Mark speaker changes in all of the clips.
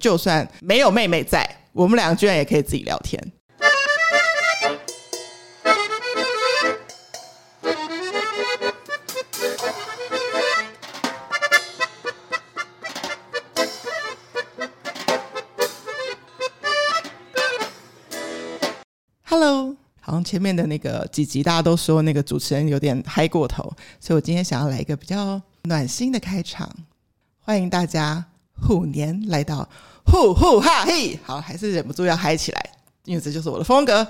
Speaker 1: 就算沒有妹妹在，我們兩個居然也可以自己聊天。Hello，好像前面的那個幾集大家都說那個主持人有點嗨過頭，所以我今天想要來一個比較暖心的開場，歡迎大家虎年來到。呼呼哈嘿，好，還是忍不住要嗨起來，因為這就是我的風格。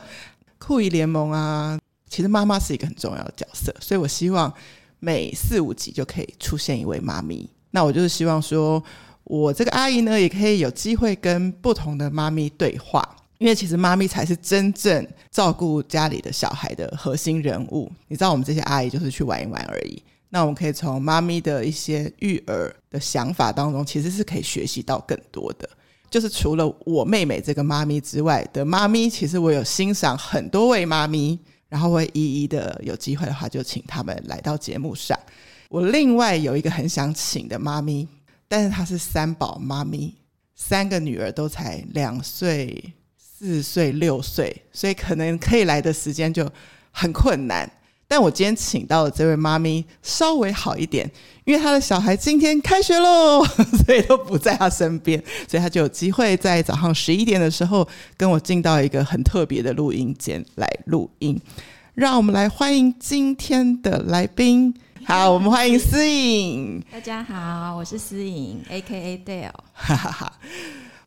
Speaker 1: 酷姨聯萌啊，其實媽媽是一個很重要的角色，所以我希望每四五集就可以出現一位媽咪。那我就是希望說，我這個阿姨呢，也可以有機會跟不同的媽咪對話，因為其實媽咪才是真正照顧家裡的小孩的核心人物。你知道，我們這些阿姨就是去玩一玩而已。那我們可以從媽咪的一些育兒的想法當中，其實是可以學習到更多的。就是除了我妹妹這個媽咪之外的媽咪，其實我有欣賞很多位媽咪，然後會一一的有機會的話就請她們來到節目上。我另外有一個很想請的媽咪，但是她是三寶媽咪，三個女兒都才兩歲、四歲、六歲，所以可能可以來的時間就很困難。但我今天請到的這位媽咪稍微好一點，因為她的小孩今天開學嘍，所以都不在她身邊，所以她就有機會在早上十一點的時候跟我進到一個很特別的錄音間來錄音。讓我們來歡迎今天的來賓，好，我們歡迎思穎。大
Speaker 2: 家好，我是思穎，AKA Dale。哈
Speaker 1: 哈哈。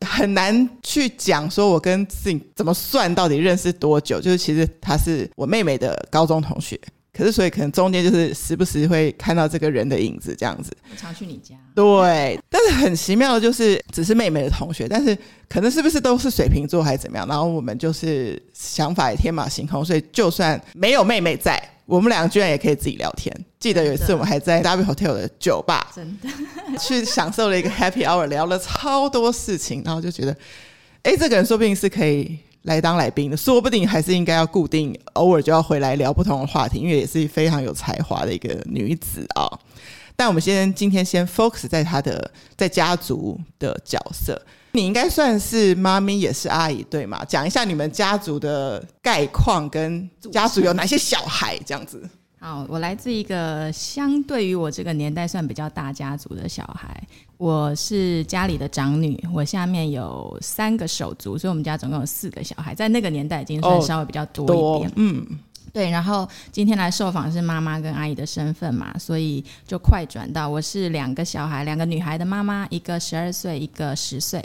Speaker 1: 很難去講說，我跟自己怎麼算到底認識多久？就是其實他是我妹妹的高中同學，可是所以可能中間就是時不時會看到這個人的影子這樣子。我常去你家。對，但是很奇妙的就是，只是妹妹的同學，但是可能是不是都是水瓶座還是怎麼樣？然後我們就是想法也天馬行空，所以就算沒有妹妹在。我們兩個居然也可以自己聊天。記得有一次，我們還在 W Hotel 的酒吧，真的去享受了一個 Happy Hour，聊了超多事情，然後就覺得，哎，這個人說不定是可以來當來賓的，說不定還是應該要固定偶爾就要回來聊不同的話題，因為也是非常有才華的一個女子啊，哦。但我們先今天先 focus 在她的在家族的角色。你應該算是媽咪，也是阿姨，對嗎？講一下你們家族的概況，跟
Speaker 2: 家族有哪些小孩這樣子。好，我來自一個相對於我這個年代算比較大家族的小孩，我是家裡的長女，我下面有三個手足，所以我們家總共有四個小孩，在那個年代已經算稍微比較多一點，哦多。嗯，對。然後今天來受訪是媽媽跟阿姨的身份嘛，所以就快轉到我是兩個小孩，兩個女孩的媽媽，一個十二歲，一個十歲。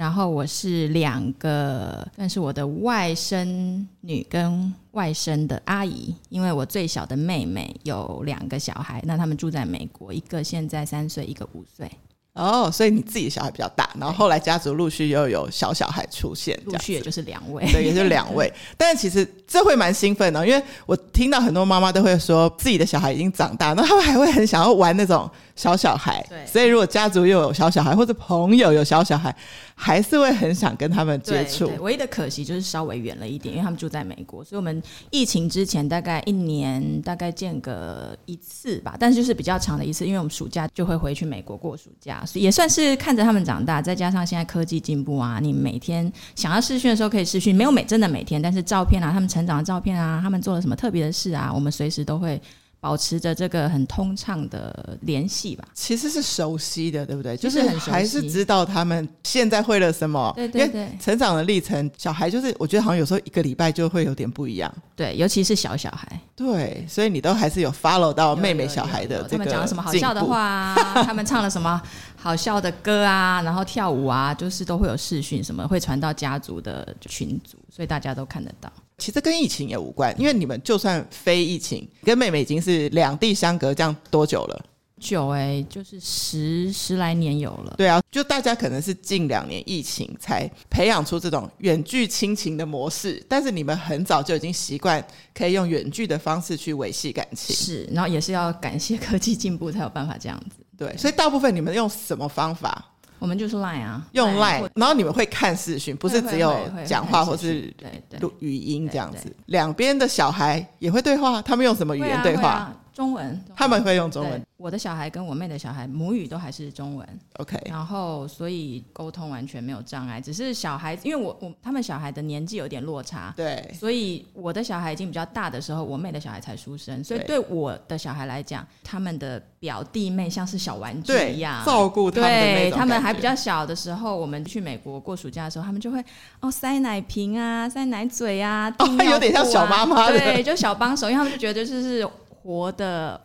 Speaker 2: 然後我是兩個，算是我的外甥女跟外甥的阿姨，因為我最小的妹妹有兩個小孩，那他們住在美國，一個現在三歲，一個五歲。哦，所以你自己的小孩比較大，然後後來家族陸
Speaker 1: 續又有小小孩出現，對陸續也
Speaker 2: 就是兩位，對，也就是兩位。
Speaker 1: 對但其實這會蠻興奮的，因為我聽到很多媽媽都會說，自己的小孩已經長大，那他們還會很想要玩那種。小小孩，對所以如果家族又有小小孩，或者朋友有小小孩，還是會很想跟他們接觸。
Speaker 2: 唯一的可惜就是稍微遠了一點，因為他們住在美國，所以我們疫情之前大概一年大概間隔一次吧，但是就是比較長的一次，因為我們暑假就會回去美國過暑假，所以也算是看着他們長大。再加上現在科技進步啊，你每天想要視訊的時候可以視訊，沒有每真的每天，但是照片啊，他們成長的照片啊，他們做了什麼特別的事啊，我們隨時都會。保持着這個很通暢的聯繫吧，其實是熟悉的，對不對？就是很熟悉，還是知
Speaker 1: 道他們現在會了什麼，對，對對，因為成長的歷程，小孩就是我覺得好像有時候一個禮拜就會有點不一樣，
Speaker 2: 對，尤其是小小孩，對，所以你都還是有 follow 到妹妹小孩的有有有有有，他們講了什麼好笑的話， 他們唱了什麼好笑的歌啊，然後跳舞啊，就是都會有視訊什麼，會傳到家族的群組，所以大家都看得到。其實跟疫情也無
Speaker 1: 關，因為你們就算非疫情，跟妹妹已經是兩地相隔這樣多久了？
Speaker 2: 久哎、欸，就是十十來年有了。
Speaker 1: 對啊，就大家可能是近兩年疫情才培養出這種遠距親情的模式，但是你們很早就已經習慣可以用遠距的方式去維繫感情。是，然後也是要感謝科技進步才有辦法這樣子。對，對，所以大部分你們用什麼方法？
Speaker 2: 我們就是 Line 啊，
Speaker 1: 用 Line，然後你們會看視訊，不是只有講話或是錄語音這樣子，兩邊的小孩也會對話，他們用什麼語言對話？中文，他們會用中文。
Speaker 2: 我的小孩跟我妹的小孩母語都還是中文，OK。然後，所以溝通完全沒有障礙。只是小孩，因為我我他們小孩的年紀有點落差，對，所以我的小孩已經比較大的時候，我妹的小孩才出生，所以對我的小孩來講，他們的表弟妹像是小玩具一樣照顧他們。對，他們還比較小的時候，我們去美國過暑假的時候，他們就會哦塞奶瓶啊，塞奶嘴啊，哦，有點像小媽媽，對，就小幫手，因為他們就覺得就是。活的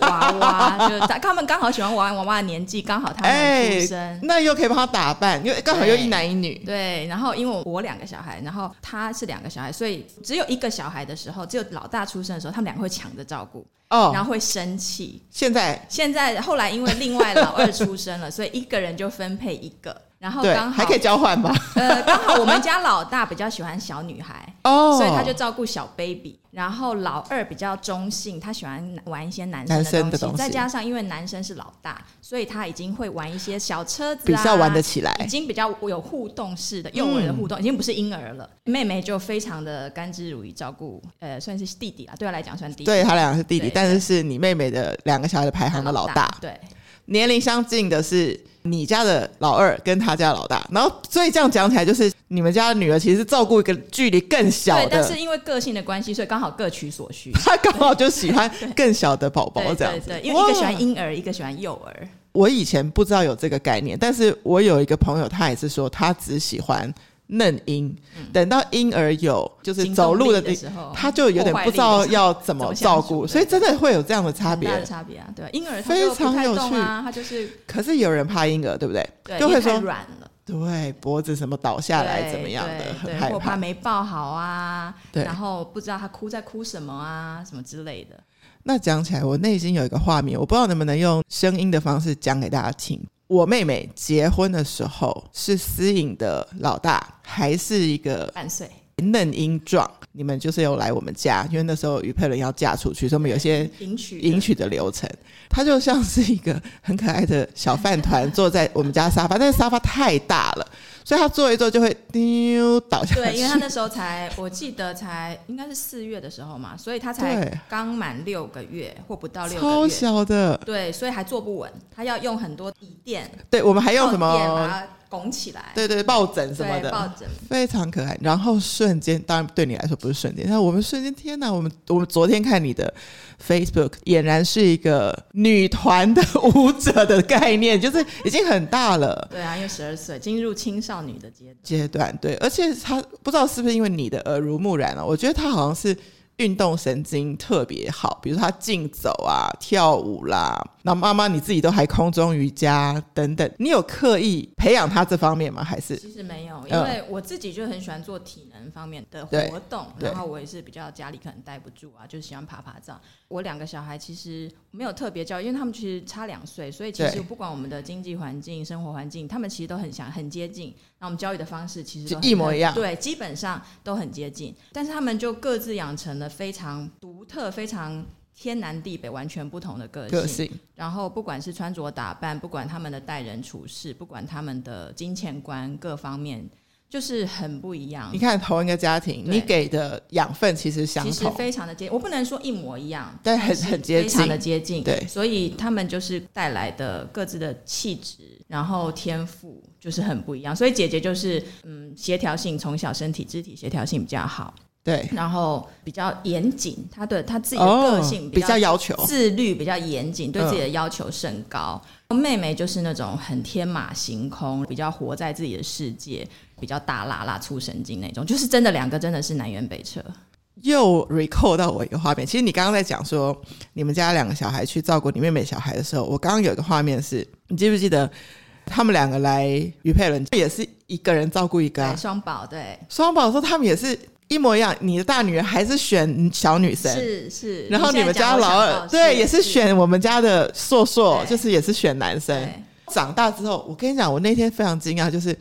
Speaker 2: 娃娃，就是他們剛好喜歡玩娃、娃娃的年紀，剛好他們出生，
Speaker 1: 欸，那又可以幫他打扮，因為剛好又一男
Speaker 2: 一女對。對，然後因為我我兩個小孩，然後他是兩個小孩，所以只有一個小孩的時候，只有老大出生的時候，他們兩個會搶着照顧，哦，然後會生氣。現在現在後來因為另外老二出生了，所以一個人就分配一個。然後剛好還可以交換吧。呃，剛好我們家老大比較喜歡小女孩，哦， 所以他就照顧小 baby。然後老二比較中性，他喜歡玩一些男生的東西，東西再加上因為男生是老大，所以他已經會玩一些小車子啊，比較玩得起來，已經比較有互動式的、幼兒的互動，嗯、已經不是嬰兒了。妹妹就非常的甘之如饴，照顧呃、算是弟弟啊，對他來講算弟弟。對，他倆是弟弟，對但是
Speaker 1: 是你妹妹的兩個小孩的排行的老大。老大對。年齡相近的是你家的老二跟他家的老大，然後所以這樣講起來就是你們家的女兒其實照顧一個距離更小的。對，但是
Speaker 2: 因為個性的關係，所以剛好各取所需。
Speaker 1: 他剛好就喜歡更小的寶寶這樣子。對
Speaker 2: 對對對，因為一個喜歡嬰兒，哇一個喜歡幼兒。
Speaker 1: 我以前不知道有這個概念，但是我有一個朋友，他也是說他只喜歡。嫩嬰，等到嬰兒有就是走路的時候，他就有點不知道要怎麼照顧，所以真的會有這樣的差別。差別啊，
Speaker 2: 對嬰兒非常有趣啊，他就是。
Speaker 1: 可是有人怕嬰兒，對不對？對，就會說軟了。對，脖子什麼倒下來怎麼樣的，很害怕。我怕
Speaker 2: 沒抱好啊，對，然後不知道他哭在哭什麼啊，什麼之類的。
Speaker 1: 那講起來，我內心有一個畫面，我不知道能不能用聲音的方式講給大家聽。我妹妹結婚的時候是私影的老大，還是一個半歲嫩嬰狀。你們就是要來我們家，因為那時候余佩玲要嫁出去，所以我們有些迎
Speaker 2: 娶迎娶
Speaker 1: 的流程，他就像是一個很可愛的小飯糰坐在我們家沙發， 但是沙發太大了，所以他坐一坐就會丟倒下去。對，因為
Speaker 2: 他那時候才，我記得才應該是四月的時候嘛，所以他才剛滿六個月或不到六個月，超小的，對，所以還坐不穩，他要用很多椅墊。
Speaker 1: 對，我們還用什麼？
Speaker 2: 拱起來，對，
Speaker 1: 對對，抱枕什麼的，抱枕非常可愛。然後瞬間，當然對你來說不是瞬間，但我們瞬間，天哪、啊！我們我們昨天看你的 Facebook，儼然是一個女團的舞者的概念，就是已經很大了。
Speaker 2: 對啊，因為十二歲進入青少女的階
Speaker 1: 階段，段，對，而且他不知道是不是因為你的耳濡目染了、啊，我覺得他好像是。運動神經特別好，比如他競走啊、跳舞啦，那媽媽你自己都還空中瑜伽啊、等等，你有刻意培養他這方面嗎？還是？其實沒
Speaker 2: 有，因為我自己就很喜歡做體能方面的活動，嗯、然後我也是比較家裡可能待不住啊，就喜歡爬爬山。我兩個小孩其實沒有特別教育，因為他們其實差兩歲，所以其實不管我們的經濟環境、生活環境，他們其實都很像、很接近。那我們教育的方式其實都一模一樣，對，基本上都很接近。但是他們就各自養成了非常獨特、非常天南地北、完全不同的個性、個性。然後不管是穿着打扮，不管他們的待人處事，不管他們的金錢觀各方面。就是很不一樣。你看同
Speaker 1: 一個家庭，對你給的養分其實相同，其實非
Speaker 2: 常的接近。我不能說一模一樣，但很很接近，非常的接近。對，所以他們就是帶來的各自的氣質，然後天賦就是很不一樣。所以姐姐就是嗯，協調性從小身體肢體協調性比較好，對，然後比較嚴謹，她的她自己的個性比較要求，自律比較嚴謹，哦，對自己的要求甚高。嗯，妹妹就是那種很天馬行空，比較活在自己的世界。比較大，拉拉粗神經那種，就是真的兩個真的是南轅北轍。
Speaker 1: 又 recall 到我一個畫面，其實你剛剛在講說，你們家兩個小孩去照顧你妹妹小孩的時候，我剛剛有一個畫面是，你記不記得？他們兩個來於佩倫也是一個人照顧一個
Speaker 2: 雙、啊、寶、哎，對
Speaker 1: 雙寶說他們也是一模一樣。你的大女兒還是選小女生，是
Speaker 2: 是。是然後你們家老二對是是，也是
Speaker 1: 選我們家的碩碩，對就是也是選男生。對長大之後，我跟你講，我那天非常驚訝，就是。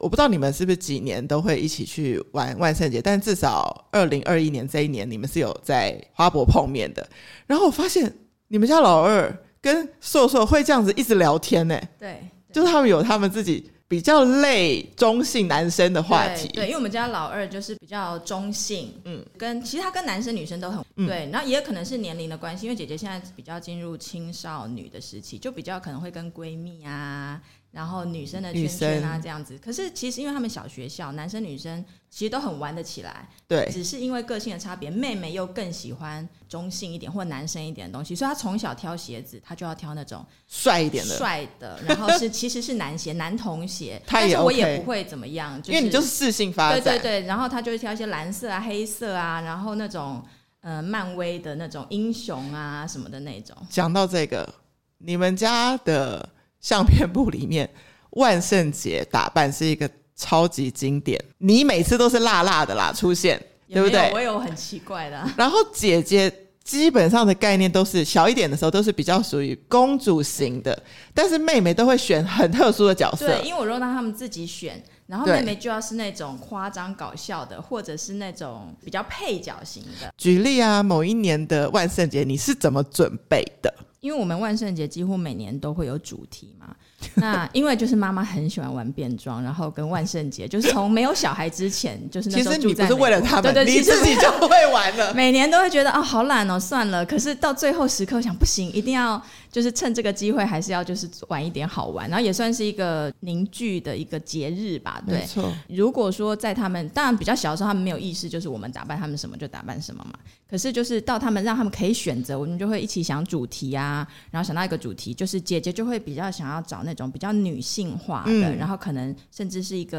Speaker 1: 我不知道你們是不是幾年都會一起去玩萬聖節，但至少二零二一年這一年，你們是有在花博碰面的。然後我發現你們家老二跟碩碩會這樣子一直聊天呢、欸，對，就是他們有他們自己比較累中性男生的話題，對，對，因為我們
Speaker 2: 家老二就是比較中性，嗯，跟其實他跟男生女生都很、嗯、對，然後也可能是年齡的關係，因為姐姐現在比較進入青少女的時期，就比較可能會跟閨蜜啊。然後女生的圈圈啊，這樣子。可是其實因為他們小學校，男生女生其實都很玩得起來。對，只是因為個性的差別，妹妹又更喜歡中性一點或男生一點的東西，所以她從小挑鞋子，她就要挑那種帥一點的，帥的。然後是其實是男鞋、男童鞋，但是我也不會怎麼樣，因為你就是適
Speaker 1: 性發展。對對對，
Speaker 2: 然後他就挑一些藍色啊、黑色啊，然後那種呃漫威的那種英雄啊什麼的那種。
Speaker 1: 講到這個，你們家的。相片簿裡面，萬聖節打扮是一個超級經典。你每次都是辣辣的啦，出現對不對？我
Speaker 2: 有很奇怪的、啊。
Speaker 1: 然後姐姐基本上的概念都是小一點的時候都是比較屬於公主型的，嗯、但是妹妹都會選很特殊的角色。對，因
Speaker 2: 為我如果讓他們自己選，然後妹妹就要是那種誇張搞笑的，對或者是那種比較配角型的。
Speaker 1: 舉例啊，某一年的萬聖節你是怎麼準備的？
Speaker 2: 因為我們萬聖節幾乎每年都會有主題嘛， 那因為就是媽媽很喜歡玩變裝，然後跟萬聖節就是從沒有小孩之前， 就是那，其實你不是為了他們，對對對，你自己就不會玩了。 每年都會覺得啊、哦，好懶哦、喔，算了。可是到最後時刻想，不行，一定要。就是趁這個機會，還是要就是玩一點好玩，然後也算是一個凝聚的一個節日吧。對，沒錯。如果說在他們當然比較小的時候，他們沒有意識，就是我們打扮他們什麼就打扮什麼嘛。可是就是到他們讓他們可以選擇，我們就會一起想主題啊，然後想到一個主題，就是姐姐就會比較想要找那種比較女性化的，嗯、然後可能甚至是一個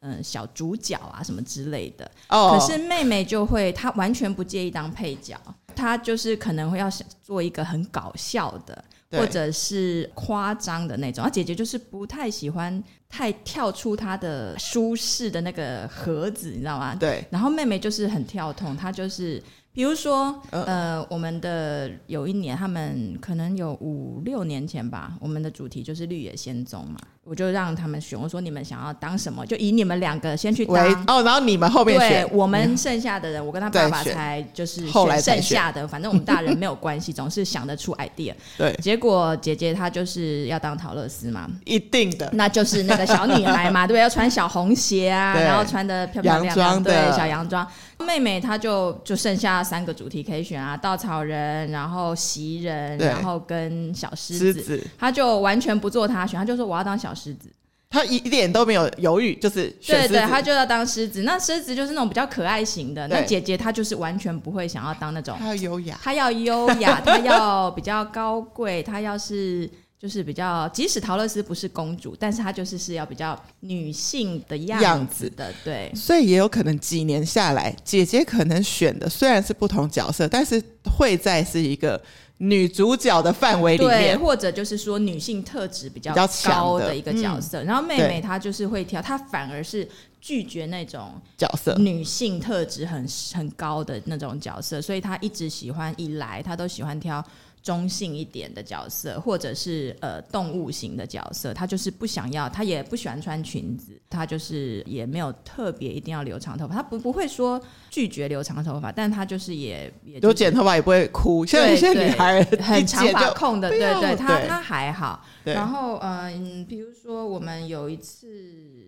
Speaker 2: 嗯、呃、小主角啊什麼之類的。哦、可是妹妹就會她完全不介意當配角。他就是可能會要想做一個很搞笑的。對或者是誇張的那種。而、啊、姐姐就是不太喜歡太跳出她的舒適的那個盒子，你知道嗎？對。然後妹妹就是很跳痛。她就是比如說，哦、呃，我們的有一年，他們可能有五六年前吧，我們的主題就是《綠野仙蹤》嘛。我就讓他們選，我說你們想要當什麼？就以你們兩個先去當哦，然後你們後面選對。我們剩下的人，我跟他爸爸才就是選剩，剩下的，反正我們大人沒有關係， 總是想得出 idea。對，結果姐姐她就是要當桃樂絲嘛，一定的，那就是那個小女孩嘛， 對，要穿小紅鞋啊，對然後穿的漂漂亮亮的對，小洋裝。妹妹她就就剩下三個主題可以選啊，稻草人，然後錫人，然後，對然後跟小獅子，子她就完全不做她選，她就說我要當小獅子，
Speaker 1: 他一一點都沒有猶豫，就是對對，他就
Speaker 2: 要當獅子。那獅子就是那種比較可愛型的。對那姐姐她就是完全不會想要當那種，要她要優雅，她要優雅，她要比較高貴，她要是就是比較，即使陶樂斯不是公主，但是她就是是要比較女性的樣子的，樣子對。
Speaker 1: 所以也有可能幾年下來，姐姐可能選的雖然是不同角色，但是會在是一個女主角的範圍裡面，對，或
Speaker 2: 者就是說女性特質比較高的一個角色，嗯、然後妹妹她就是會挑，對她反而是拒絕那種角色，女性特質很很高的那種角色，所以她一直喜歡，一來她都喜歡挑。中性一點的角色，或者是呃動物型的角色，他就是不想要，他也不喜歡穿裙子，他就是也沒有特別一定要留長頭髮，他不不會說拒絕留長頭髮，但他就是也也、就是、就剪
Speaker 1: 頭髮也不會哭，對對現在現在女孩很長髮控的，要對，對對，他他對還好。
Speaker 2: 對然後呃，比如說我們有一次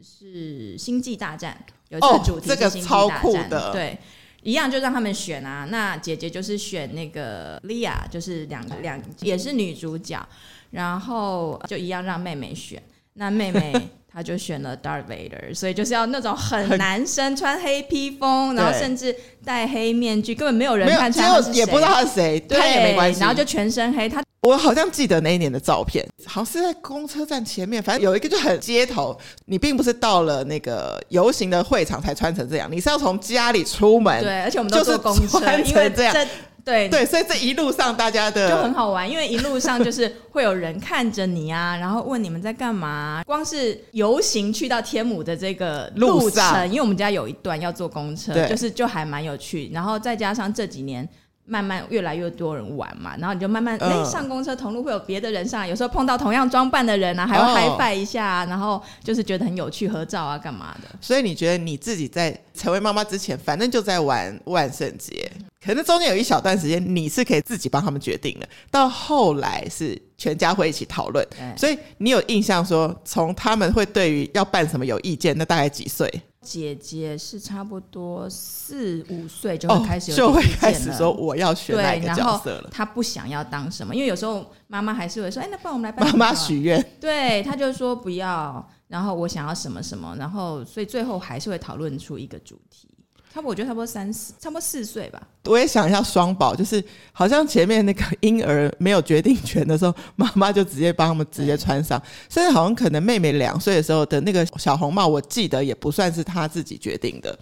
Speaker 2: 是《星際大戰》，有一次主題是星際大戰、哦，這個、超酷的，對。一樣就讓他們選啊，那姐姐就是選那個莉亞，就是兩個兩也是女主角，然後就一樣讓妹妹選，那妹妹 她就選了 Dark Vader，所以就是要那種很男生很穿黑披風，然後甚至戴黑面具，根本沒有人看出來是誰，也不知道他是誰，對他也沒關係，然後就全身黑他。
Speaker 1: 我好像記得那一年的照片，好像是在公車站前面，反正有一個就很街頭。你並不是到了那個遊行的會場才穿成這樣，你是要從家裡出門。對，而且我們都坐公車，穿成這樣，因為這樣對對，所以這一路上大家的就很
Speaker 2: 好玩，因為一路上就是會有人看着你啊，然後問你們在幹嘛啊。光是遊行去到天母的這個路程，路上。因為我們家有一段要坐公車，對。就是就還蠻有趣。然後再加上這幾年。慢慢越來越多人玩嘛，然後你就慢慢誒、呃、上公車同路會有別的人上，有時候碰到同樣裝扮的人啊，還要嗨拜一下、啊，哦、然後就是覺得很有趣合照啊幹嘛的。
Speaker 1: 所以你覺得你自己在成為媽媽之前，反正就在玩萬聖節，可能中間有一小段時間你是可以自己幫他們決定的，到後來是全家會一起討論。對所以你有印象說，從他們會對於要辦什麼有意見，那大概幾歲？
Speaker 2: 姐姐是差不多四五歲就會開始，oh, 就會開始說我要選哪個角色了。她不想要當什麼，因為有時候媽媽還是會說：“哎、欸，那幫我們來幫媽媽許願。”對，她就說不要，然後我想要什麼什麼，然後所以最後還是會討論出一個主題。差不多，我覺得差不多三四，差不多四歲吧。我也
Speaker 1: 想一下，雙寶，就是好像前面那個嬰兒沒有決定權的時候，媽媽就直接幫他們直接穿上。甚至對好像可能妹妹兩歲的時候的那個小紅帽，我記得也不算是她自己決定的。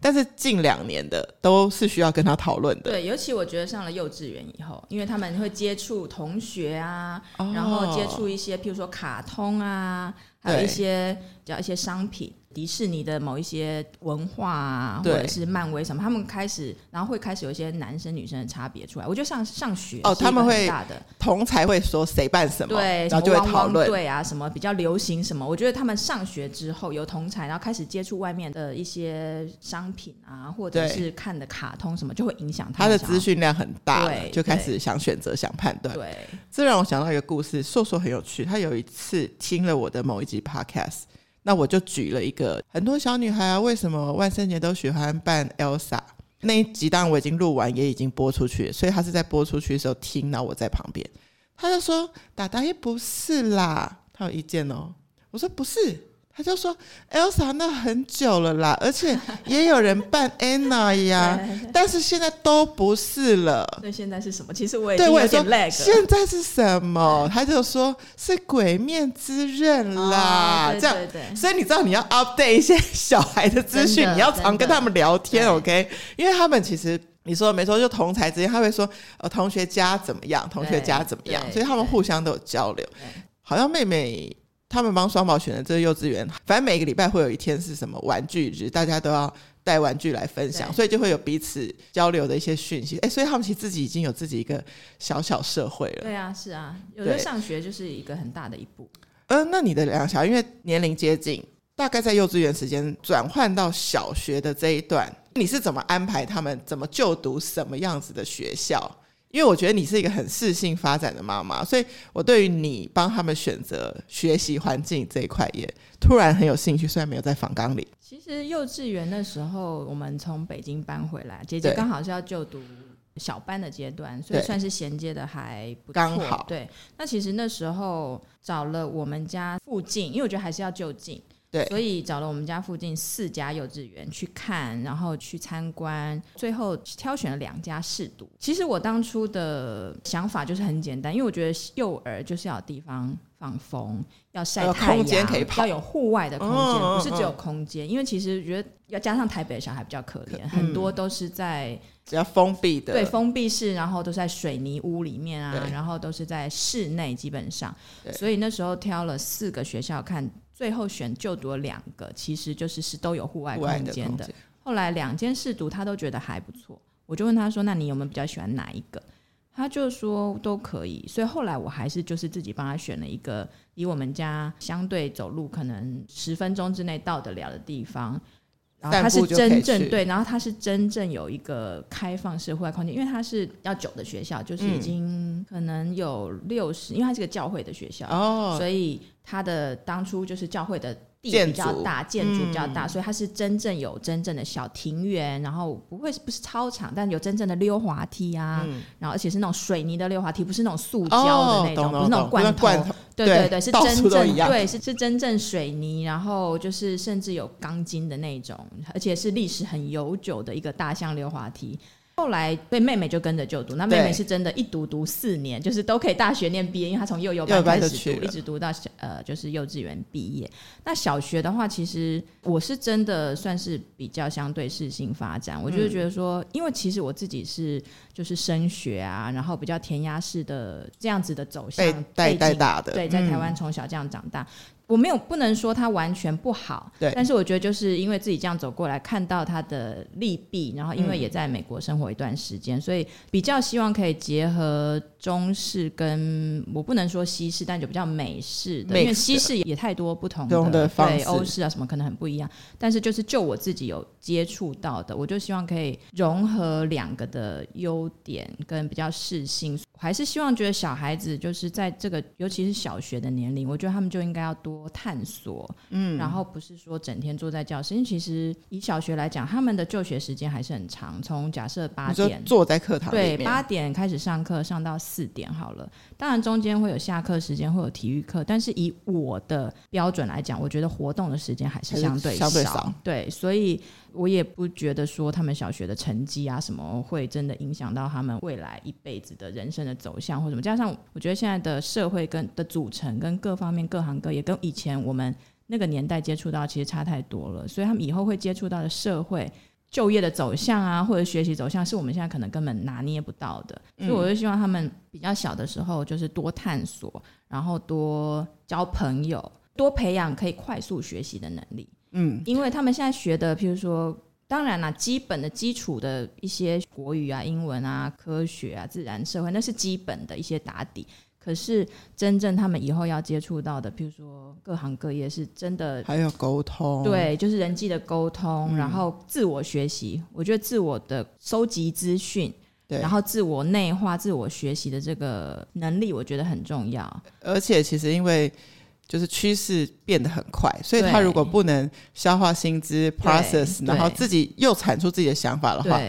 Speaker 1: 但是近兩年的都是需要跟她討論的。
Speaker 2: 對，尤其我覺得上了幼稚園以後，因為他們會接觸同學啊，哦、然後接觸一些，譬如說卡通啊，還有一些對叫一些商品。迪士尼的某一些文化啊，或者是漫威什麼，對他們開始，然後會開始有一些男生女生的差別出來。我覺得上上學哦，他們會
Speaker 1: 同才會說誰扮什麼，對，然後就會討論對
Speaker 2: 啊，什麼比較流行什麼。我覺得他們上學之後有同才，然後開始接觸外面的一些商品啊，或者是看的卡通什麼，對就會影響他們的資訊對量很大，就開始
Speaker 1: 想選擇對想判斷。對，這讓我想到一個故事，瘦瘦很有趣。他有一次聽了我的某一集 podcast。那我就舉了一個很多小女孩啊，為什麼萬聖節都喜歡扮 Elsa？那一集當然我已經錄完，也已經播出去，所以她是在播出去的時候聽到我在旁邊，她就說：“達達也不是啦，她有意見哦。”我說：“不是。”他就說：“Elsa，那很久了啦，而且也有人扮 Anna 呀， 對但是現在都不是了。那現在
Speaker 2: 是什麼？其實我也對，我有點 lag，我也說現
Speaker 1: 在是什麼？對他就說是《鬼滅之刃》啦。哦、對對對對這樣，所以你知道你要 update 一些小孩的資訊，的你要常跟他們聊天，OK？因為他們其實你說的沒錯，就同儕之間，他會說，呃，同學家怎麼樣？同學家怎麼樣？對所以他們互相都有交流。對對對對，好像妹妹。”他們幫雙寶選的這個幼稚園，反正每個禮拜會有一天是什麼玩具日，就是大家都要帶玩具來分享，對所以就會有彼此交流的一些訊息。哎、欸，所以他們其實自己已經有自己一個小小社會了。
Speaker 2: 對啊，是啊，有的上學就是一個很大的一步。
Speaker 1: 嗯，那你的兩小因為年齡接近，大概在幼稚園時間轉換到小學的這一段，你是怎麼安排他們怎麼就讀什麼樣子的學校？因為我覺得你是一個很適性發展的媽媽，所以我對於你幫他們選擇學習環境這一塊也突然很有興趣，雖然沒有在訪綱
Speaker 2: 裡。其實幼稚園那時候，我們從北京搬回來，姐姐剛好是要就讀小班的階段，所以算是銜接的還不錯。對，剛好對，那其實那時候找了我們家附近，因為我覺得還是要就近。對所以找了我們家附近四家幼稚園去看，然後去參觀，最後挑選了兩家試讀。其實我當初的想法就是很簡單，因為我覺得幼兒就是要有地方放風，要曬太陽，空間可以要有戶外的空間，哦、不是只有空間。嗯、因為其實覺得要加上台北的小孩比較可憐，可嗯、很多都是在比較封閉的，對，封閉式，然後都是在水泥屋裡面啊，對然後都是在室內基本上。對所以那時候挑了四個學校看。最後選就讀了兩個，其實就是是都有戶外空間的，的後來兩間試讀，他都覺得還不錯，我就問他說：“那你有沒有比較喜歡哪一個？”他就說都可以。所以後來我還是就是自己幫他選了一個離我們家相對走路可能十分鐘之內到得了的地方。它是真正對，然後它是真正有一個開放式戶外空間，因為它是要久的學校，就是已經可能有六十，嗯，因為它是個教會的學校，哦，所以它的當初就是教會的。建築比較大，建築比較大，嗯、所以它是真正有真正的小庭院，然後不會是不是操場，但有真正的溜滑梯啊，嗯、然後而且是那種水泥的溜滑梯，不是那種塑膠的那種，哦、不是那種罐頭，對對對，是真正，對，是是真正水泥，然後就是甚至有鋼筋的那種，而且是歷史很悠久的一個大象溜滑梯。後來被妹妹就跟着就讀，那妹妹是真的，一讀讀四年，對就是都可以大學念畢業，因為她從幼幼班開始讀，班一直讀到小呃，就是幼稚園畢業。那小學的話，其實我是真的算是比較相對適性發展，我就是覺得說，嗯、因為其實我自己是就是升學啊，然後比較填鴨式的這樣子的走向，帶經帶大的，對，在台灣從小這樣長大。嗯我沒有，不能說它完全不好，對但是我覺得就是因為自己這樣走過來看到它的利弊，然後因為也在美國生活一段時間，嗯、所以比較希望可以結合。中式跟我不能說西式，但就比較美式的，因為西式也太多不同的方式，對，歐式啊什麼可能很不一樣。但是就是就我自己有接觸到的，我就希望可以融合兩個的優點跟比較適性。還是希望覺得小孩子就是在這個，尤其是小學的年齡，我覺得他們就應該要多探索，嗯，然後不是說整天坐在教室。因為其實以小學來講，他們的就學時間還是很長，從假設八點坐在課堂，對，八點開始上課，上到四。四點好了，當然中間會有下課時間，會有體育課，但是以我的標準來講，我覺得活動的時間還是相對少，是相對少。對，所以我也不覺得說他們小學的成績啊什麼會真的影響到他們未來一輩子的人生的走向或什麼。加上我覺得現在的社會跟的組成跟各方面各行各業跟以前我們那個年代接觸到其實差太多了，所以他們以後會接觸到的社會。就業的走向啊，或者學習走向，是我們現在可能根本拿捏不到的，嗯，所以我就希望他們比較小的時候，就是多探索，然後多交朋友，多培養可以快速學習的能力。嗯，因為他們現在學的，譬如說，當然啦，啊，基本的基礎的一些國語啊、英文啊、科學啊、自然、社會，那是基本的一些打底。可是，真正他們以後要接觸到的，譬如說各行各業，是真的還有溝通，對，就是人際的溝通，嗯、然後自我學習，我覺得自我的收集資訊，對然後自我內化、自我學習的這個能力，我覺得很重要。而且，
Speaker 1: 其實因為就是趨勢變得很快，所以他如果不能消化新
Speaker 2: 知 process，然後自己又產出自己的想法的話，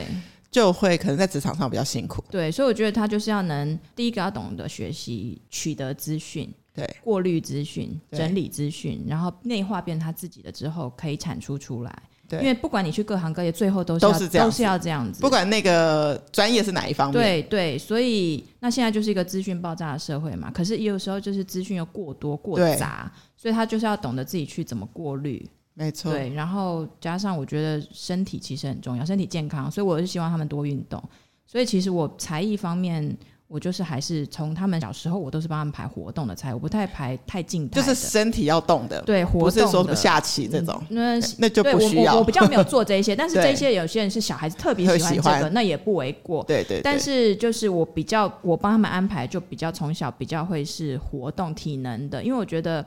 Speaker 1: 就會可能在職場上比較辛苦，
Speaker 2: 對，所以我覺得他就是要能第一個要懂得學習、取得資訊，對，過濾資訊、對整理資訊，然後內化變他自己的之後，可以產出出來。對，因為不管你去各行各業，最後都是要都是這樣，都是要這樣子。不管那個專業是哪一方面，對對，所以那現在就是一個資訊爆炸的社會嘛。可是有時候就是資訊又過多過雜，對所以他就是要懂得自己去怎麼過濾。沒錯，對，然後加上我覺得身體其實很重要，身體健康，所以我是希望他們多運動。所以其實我才藝方面，我就是還是從他們小時候，我都是幫他們排活動的才藝，我不太排太靜態，就是身體要動的，對，活動的。不是說不下棋那種，嗯、那、欸、那就不需要我。我比較沒有做這一些，但是這些有些人是小孩子特別喜歡這個， 對那也不為過。對對，對對。但是就是我比較，我幫他們安排就比較從小比較會是活動體能的，因為我覺得。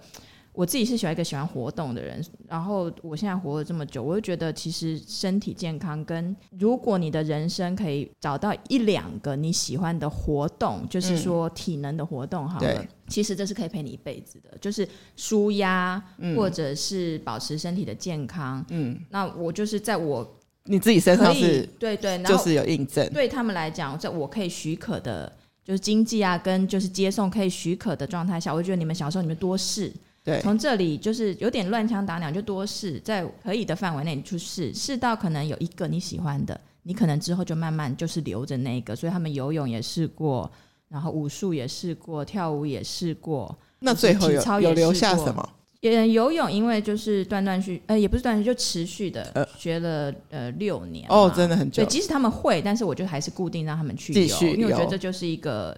Speaker 2: 我自己是喜歡一個喜歡活動的人，然後我現在活了這麼久，我就覺得其實身體健康跟，如果你的人生可以找到一兩個你喜歡的活動，嗯、就是說體能的活動哈，對其實這是可以陪你一輩子的，就是舒壓、嗯、或者是保持身體的健康。嗯，那我就是在我你自己身上是，對對，就是有印證。對他們來講，在我可以許可的，就是經濟啊跟就是接送可以許可的狀態下，我覺得，你們小時候你們多試。對，從這裡就是有點亂槍打鳥，就多試，在可以的範圍內去試，試到可能有一個你喜歡的，你可能之後就慢慢就是留着那個。所以他們游泳也試過，然後武術也試過，跳舞也試過。那最後有，有留下什麼？因為游泳，因為就是斷斷續，呃，也不是斷續，就持續的，呃，學了呃六年。哦，真的很久。對，即使他們會，但是我就還是固定讓他們去游，繼續遊。因為我覺得這就是一個。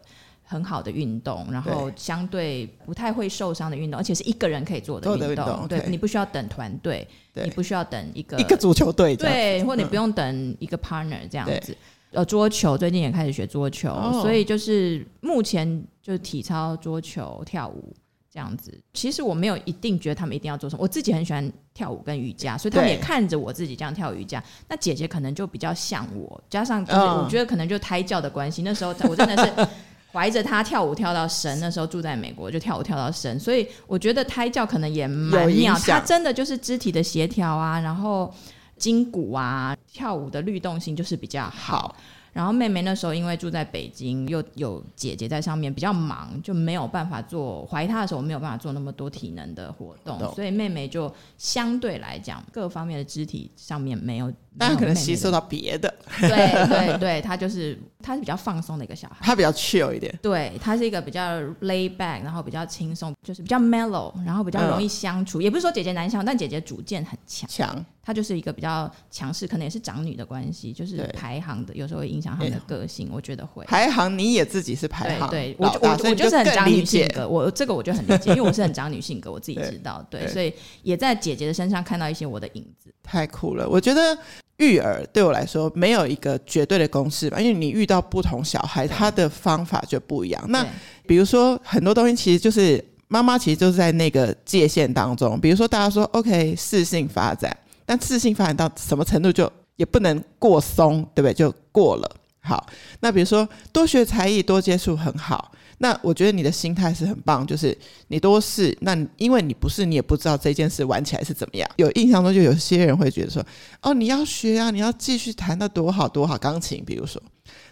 Speaker 2: 很好的運動，然後相對不太會受傷的運動，而且是一個人可以做的運動。對，你不需要等團隊，你不需要等一個一個足球隊，對，或你不用等一個 partner 這樣子。呃，桌球，最近也開始學桌球，所以就是目前就是體操、桌球、跳舞這樣子。其實我沒有一定覺得他們一定要做什麼，我自己很喜歡跳舞跟瑜伽，所以他們也看着我自己這樣跳瑜伽。那姐姐可能就比較像我，加上就是我覺得可能就胎教的關係，那時候我真的是。懷着他跳舞跳到神。那時候住在美國就跳舞跳到神，所以我覺得胎教可能也蠻妙。他真的就是肢體的協調啊，然後筋骨啊，跳舞的律動性就是比較好。好。然後妹妹那時候因為住在北京，又有姐姐在上面比較忙，就沒有辦法做，懷他的時候沒有辦法做那麼多體能的活動，動。所以妹妹就相對來講各方面的肢體上面沒有。但可能吸收到別的，對對對，他就是他是比較放鬆的一個小孩，他比較 chill 一點，對，他是一個比較 lay back，然後比較輕鬆，就是比較 mellow，然後比較容易相處。也不是說姐姐難相處，但姐姐主見很強，強，她就是一個比較強勢，可能也是長女的關係，就是排行的，有時候會影響她的個性，我覺得會排行，你也自己是排行，對我我我就是很長女性格，我這個我就很理解，因為我是很長女性格，我自己知道，對，所以也在姐姐的身上看到一些我的影子，
Speaker 1: 太酷了，我覺得。育兒對我來說沒有一個絕對的公式吧，因為你遇到不同小孩，對他的方法就不一樣。對那比如說很多東西，其實就是媽媽其實就是在那個界限當中。比如說大家說 OK，適性發展，但適性發展到什麼程度就也不能過鬆，對不對？就過了。好，那比如說多學才藝，多接觸很好。那我覺得你的心態是很棒，就是你多試，那因為你不試，你也不知道這件事玩起來是怎麼樣。有印象中就有些人會覺得說，哦，你要學啊，你要繼續彈到多好多好鋼琴，比如說，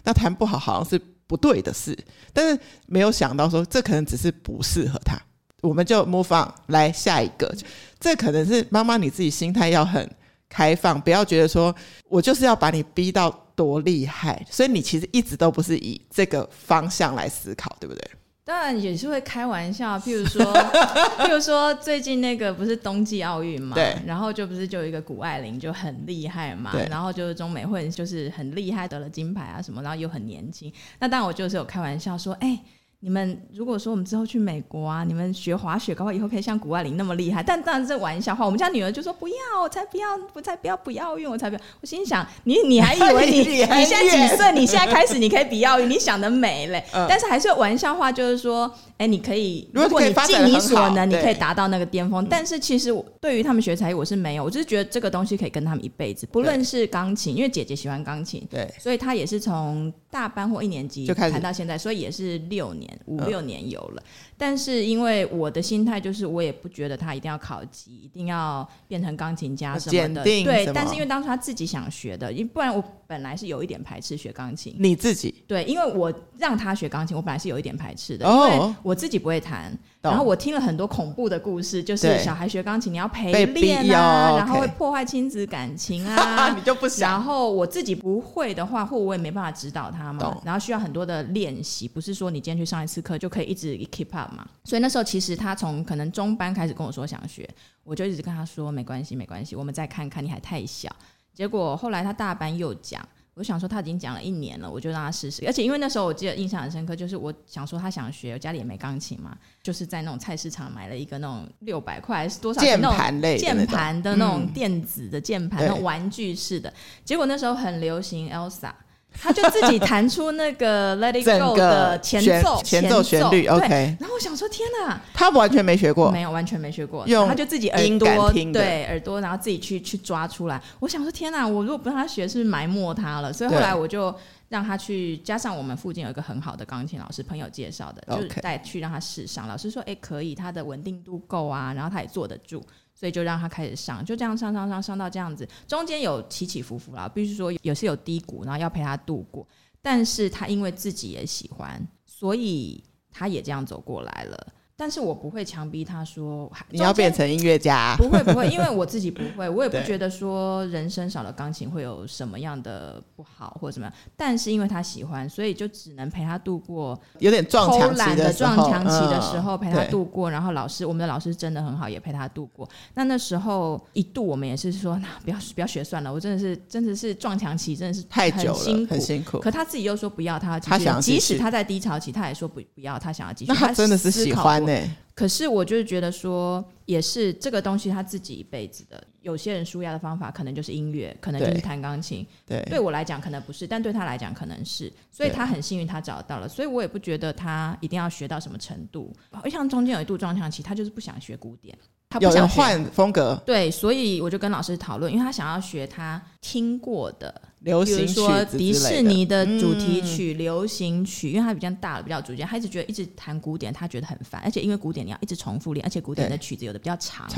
Speaker 1: 那彈不好好像是不對的事，但是沒有想到說這可能只是不適合他。我們就 move on，來下一個，嗯、這可能是媽媽你自己心態要很開放，不要覺得說我就是要把你逼到多厲害！所以你其實一直都不是以這個方向來思考，對不對？
Speaker 2: 當然也是會開玩笑，譬如說， 譬如說最近那個不是冬季奧運嘛，對然後就不是就有一個谷愛凌就很厲害嘛，對然後就是中美混就是很厲害，得了金牌啊什麼，然後又很年輕。那當然我就是有開玩笑說，哎、欸。你們如果說我們之後去美國啊，你們學滑雪的話，以後可以像谷愛凌那麼厲害。但當然是玩笑話。我們家女兒就說：“不要，我才不要，我才不要，不要用，我才不要。我不要”我心想：“你你還以為你你現在幾歲？你現在開始你可以比奧運？你想得美嘞！”嗯、但是還是玩笑話，就是說：“哎，你可以，如果你盡你所能，可你可以達到那個巔峰。對”但是其實我對於他們學才藝，我是沒有，我就是覺得這個東西可以跟他們一輩子。不論是鋼琴，對因為姐姐喜歡鋼琴，對，所以她也是從大班或一年級就彈到現在，所以也是六年。五六年有了。哦。但是因為我的心態就是，我也不覺得他一定要考級，一定要變成鋼琴家什麼的。定對，麼但是因為當時他自己想學的，因不然我本來是有一點排斥學鋼琴。你自己對，因為我讓他學鋼琴，我本來是有一點排斥的，因為、哦、我自己不會彈。然後我聽了很多恐怖的故事，就是小孩學鋼琴你要陪練啊，然後會破壞親子感情啊。你就不想？然後我自己不會的話，或我也沒辦法指導他嘛。然後需要很多的練習，不是說你今天去上一次課就可以一直 keep up。所以那時候其實他從可能中班開始跟我說想學，我就一直跟他說沒關係沒關係，我們再看看，你還太小。結果後來他大班又講，我想說他已經講了一年了，我就讓他試試。而且因為那時候我記得印象很深刻，就是我想說他想學，我家裡也沒鋼琴嘛，就是在那種菜市場買了一個那種六百塊還是多少鍵盤類鍵盤的那種電子的鍵盤，嗯、那種玩具式的。嗯、對結果那時候很流行 Elsa。 他就自己彈出那個 Let It Go 的前奏前奏旋律奏 OK，然後我想說天哪，他不完全沒學過，啊、沒有完全沒學過，用 他就自己耳朵音感聽對耳朵，然後自己去去抓出來。我想說天哪，我如果不讓他學，是不是埋沒他了？所以後來我就讓他去對加上我們附近有一個很好的鋼琴老師朋友介紹的，就帶去讓他試上。老師說哎、欸、可以，他的穩定度夠啊，然後他也坐得住。所以就讓他開始上，就這樣上上上上到這樣子，中間有起起伏伏啦，比如說有些有低谷，然後要陪他度過，但是他因為自己也喜歡，所以他也這樣走過來了。但是我不會強逼他說，你要變成音樂家，啊，間 不會不會，因為我自己不會，我也不覺得說人生少了鋼琴會有什麼樣的不好或者怎麼樣。但是因為他喜歡，所以就只能陪他度過，有點撞牆期的撞牆期的時候陪他度過，嗯、然後老師我們的老師真的很好，也陪他度過。那那時候一度我們也是說，那、啊、不要不要學算了，我真的是真的是撞牆期，真的是太久了，很辛苦。很辛苦，可他自己又說不要，他要繼續，他想要繼續，即使他在低潮期，他也說不不要，他想要繼續，那他真的是喜歡的、欸。可是我就是覺得說，也是這個東西他自己一輩子的。有些人舒壓的方法可能就是音樂，可能就是彈鋼琴。對，對，對我來講可能不是，但對他來講可能是。所以他很幸運，他找到了。所以我也不覺得他一定要學到什麼程度。好像中間有一度撞牆期，他就是不想學古典，他不想換風格。對，所以我就跟老師討論，因為他想要學他聽過的。比如說迪士尼的主題曲、流行曲，因為它比較大了，比較主見。他一直覺得一直彈古典，他覺得很煩，而且因為古典你要一直重複練，而且古典的曲子有的比較長，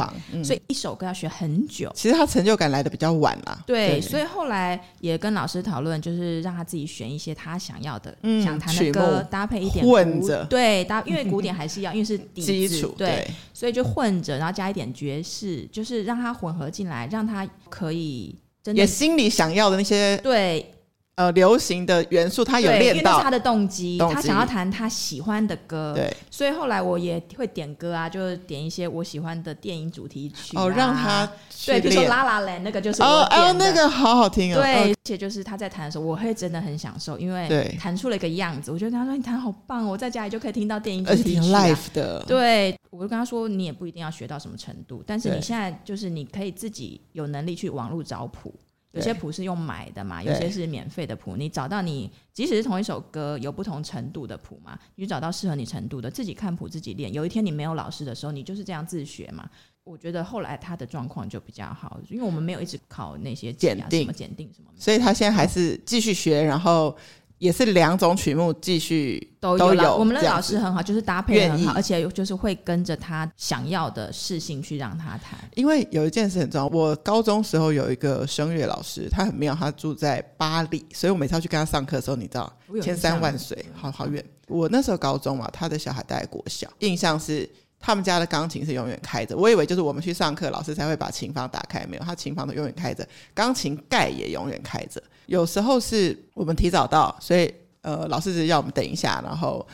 Speaker 2: 所以一首歌要學很久。其實他成就感來的比較晚嘛，
Speaker 1: 對，所以
Speaker 2: 後來也跟老師討論，就是讓他自己選一些他想要的、想彈的歌，搭配一點混着，對，搭因為古典還是要，因為是基礎，對，所以就混着，然後加一點爵士，就是讓它混合進來，讓它可以。真的也心
Speaker 1: 裡想要的那些。對。呃，流行的元素他有練到，因為他的動機，動機他想要彈
Speaker 2: 他喜歡的歌，對，所以後來我也會點歌啊，就是點一些我喜歡的電影主題曲、啊，哦，讓他對，比如說《La La Land》，那個就是我的哦，哎、哦，那個好好聽哦，對，哦、而且就是他在彈的時候，我會真的很享受，因為彈出了一個樣子，對我覺得他說你彈好棒哦，我在家裡就可以聽到電影主題曲、啊、的對，我就跟他說你也不一定要學到什麼程度，但是你現在就是你可以自己有能力去網絡找譜。對有些譜是用買的嘛，有些是免費的譜。對你找到你，即使是同一首歌，有不同程度的譜嘛，你找到適合你程度的，自己看譜自己練。有一天你沒有老師的時候，你就是這樣自學嘛。我覺得後來他的狀況就比較好，因為我們沒有一直考那些檢定什麼檢定，
Speaker 1: 所以他現在還是繼續學，然後。也是兩種曲目繼續都有。我們的老師很
Speaker 2: 好，就是搭配很好，而且就是會跟着他想要的事情去讓他彈。
Speaker 1: 因為有一件事很重要，我高中時候有一個聲樂老師，他很妙，他住在巴黎，所以我每次要去跟他上課的時候，你知道千山萬水，好好遠。我那時候高中嘛，他的小孩待國小，印象是他們家的鋼琴是永遠開着。我以為就是我們去上課，老師才會把琴房打開，沒有，他琴房都永遠開着，鋼琴蓋也永遠開着。有時候是我們提早到，所以呃，老師只是要我們等一下，然後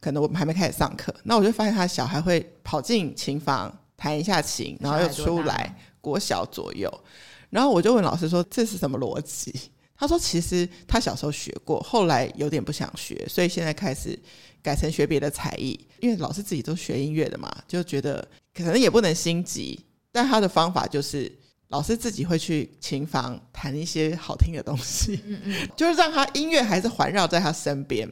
Speaker 1: 可能我們還沒開始上課，那我就發現他小孩會跑進琴房彈一下琴，然後又出來，國小左右，小孩多大。然後我就問老師說，這是什麼邏輯？他說其實他小時候學過，後來有點不想學，所以現在開始改成學別的才藝，因為老師自己都學音樂的嘛，就覺得可能也不能心急，但他的方法就是。老師自己會去琴房彈一些好聽的東西，嗯嗯、 就是讓他音樂還是環繞在他身邊，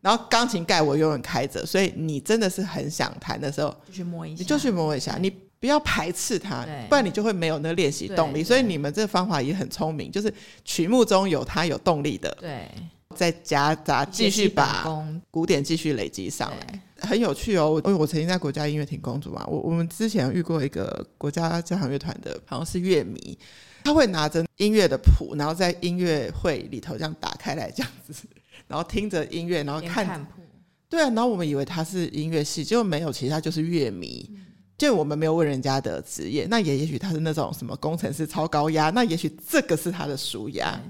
Speaker 1: 然後鋼琴蓋我永遠開着，所以你真的是很想彈的時候，你就去摸一下，你，去摸一下，對 你不要排斥他，不然你就會沒有那個練習動力。所以你們這方法也很聰明，就是曲目中有他有動力的，對，對。在再夾雜，繼續把古典繼續累積上來，對很有趣哦。我我曾經在國家音樂廳工作嘛，我我們之前遇過一個國家交響樂團的，好像是樂迷，他會拿着音樂的譜，然後在音樂會裡頭這樣打開來這樣子，然後聽着音樂，然後看，看譜，對啊，然後我們以為他是音樂系，結果沒有，其實他就是樂迷，嗯、就我們沒有問人家的職業，那也也許他是那種什麼工程師超高壓，那也許這個是他的書壓。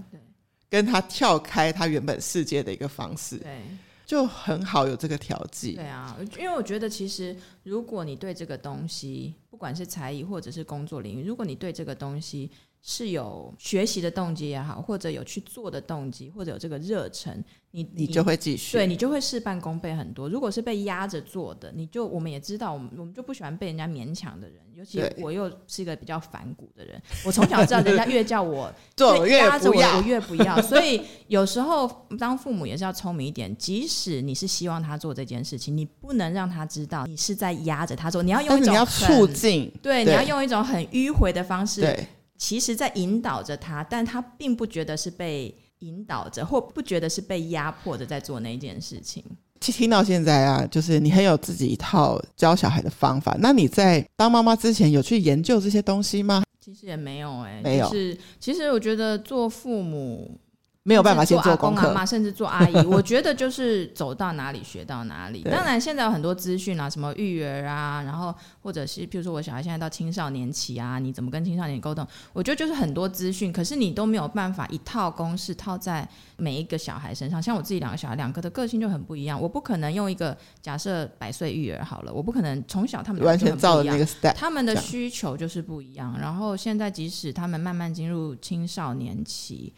Speaker 1: 跟他跳開他原本世界的一個方式，
Speaker 2: 對，
Speaker 1: 就很好，有這個調劑。對啊，
Speaker 2: 因為我覺得其實，如果你對這個東西，不管是才藝或者是工作領域，如果你對這個東西。是有學習的動機也好，或者有去做的動機，或者有這個熱忱，你你，你就會繼續，對，你就會事半功倍很多。如果是被壓着做的，你就我們也知道，我們我們就不喜歡被人家勉強的人，尤其我又是一個比較反骨的人，對我從小知道，人家越叫我 做，壓着我，我越不要。所以有時候當父母也是要聰明一點， 即使你是希望他做這件事情，你不能讓他知道你是在壓着他做，你要用你要促進，對，你要用一種很迂回的方式。對其實在引導着他，但他並不覺得是被引導着，或不覺得是被壓迫着在做那件事情。
Speaker 1: 其實聽到現在啊，就是你很有自己一套教小孩的方法。那你在當媽媽之前有去研究這些東西嗎？
Speaker 2: 其實也沒有哎、欸，沒有。就是其實我覺得做父母。阿阿沒有辦法去做阿公阿媽，甚至做阿姨。 我覺得就是走到哪裡學到哪裡。 當然，現在有很多資訊啊，什麼育兒啊，然後或者是譬如說我小孩現在到青少年期啊，你怎麼跟青少年溝通？我覺得就是很多資訊，可是你都沒有辦法一套公式套在每一個小孩身上。像我自己兩個小孩，兩個的個性就很不一樣。我不可能用一個假設百歲育兒好了，我不可能從小他們不一樣完全造的那個，他們的需求就是不一樣。樣然後現在即使他們慢慢進入青少年期。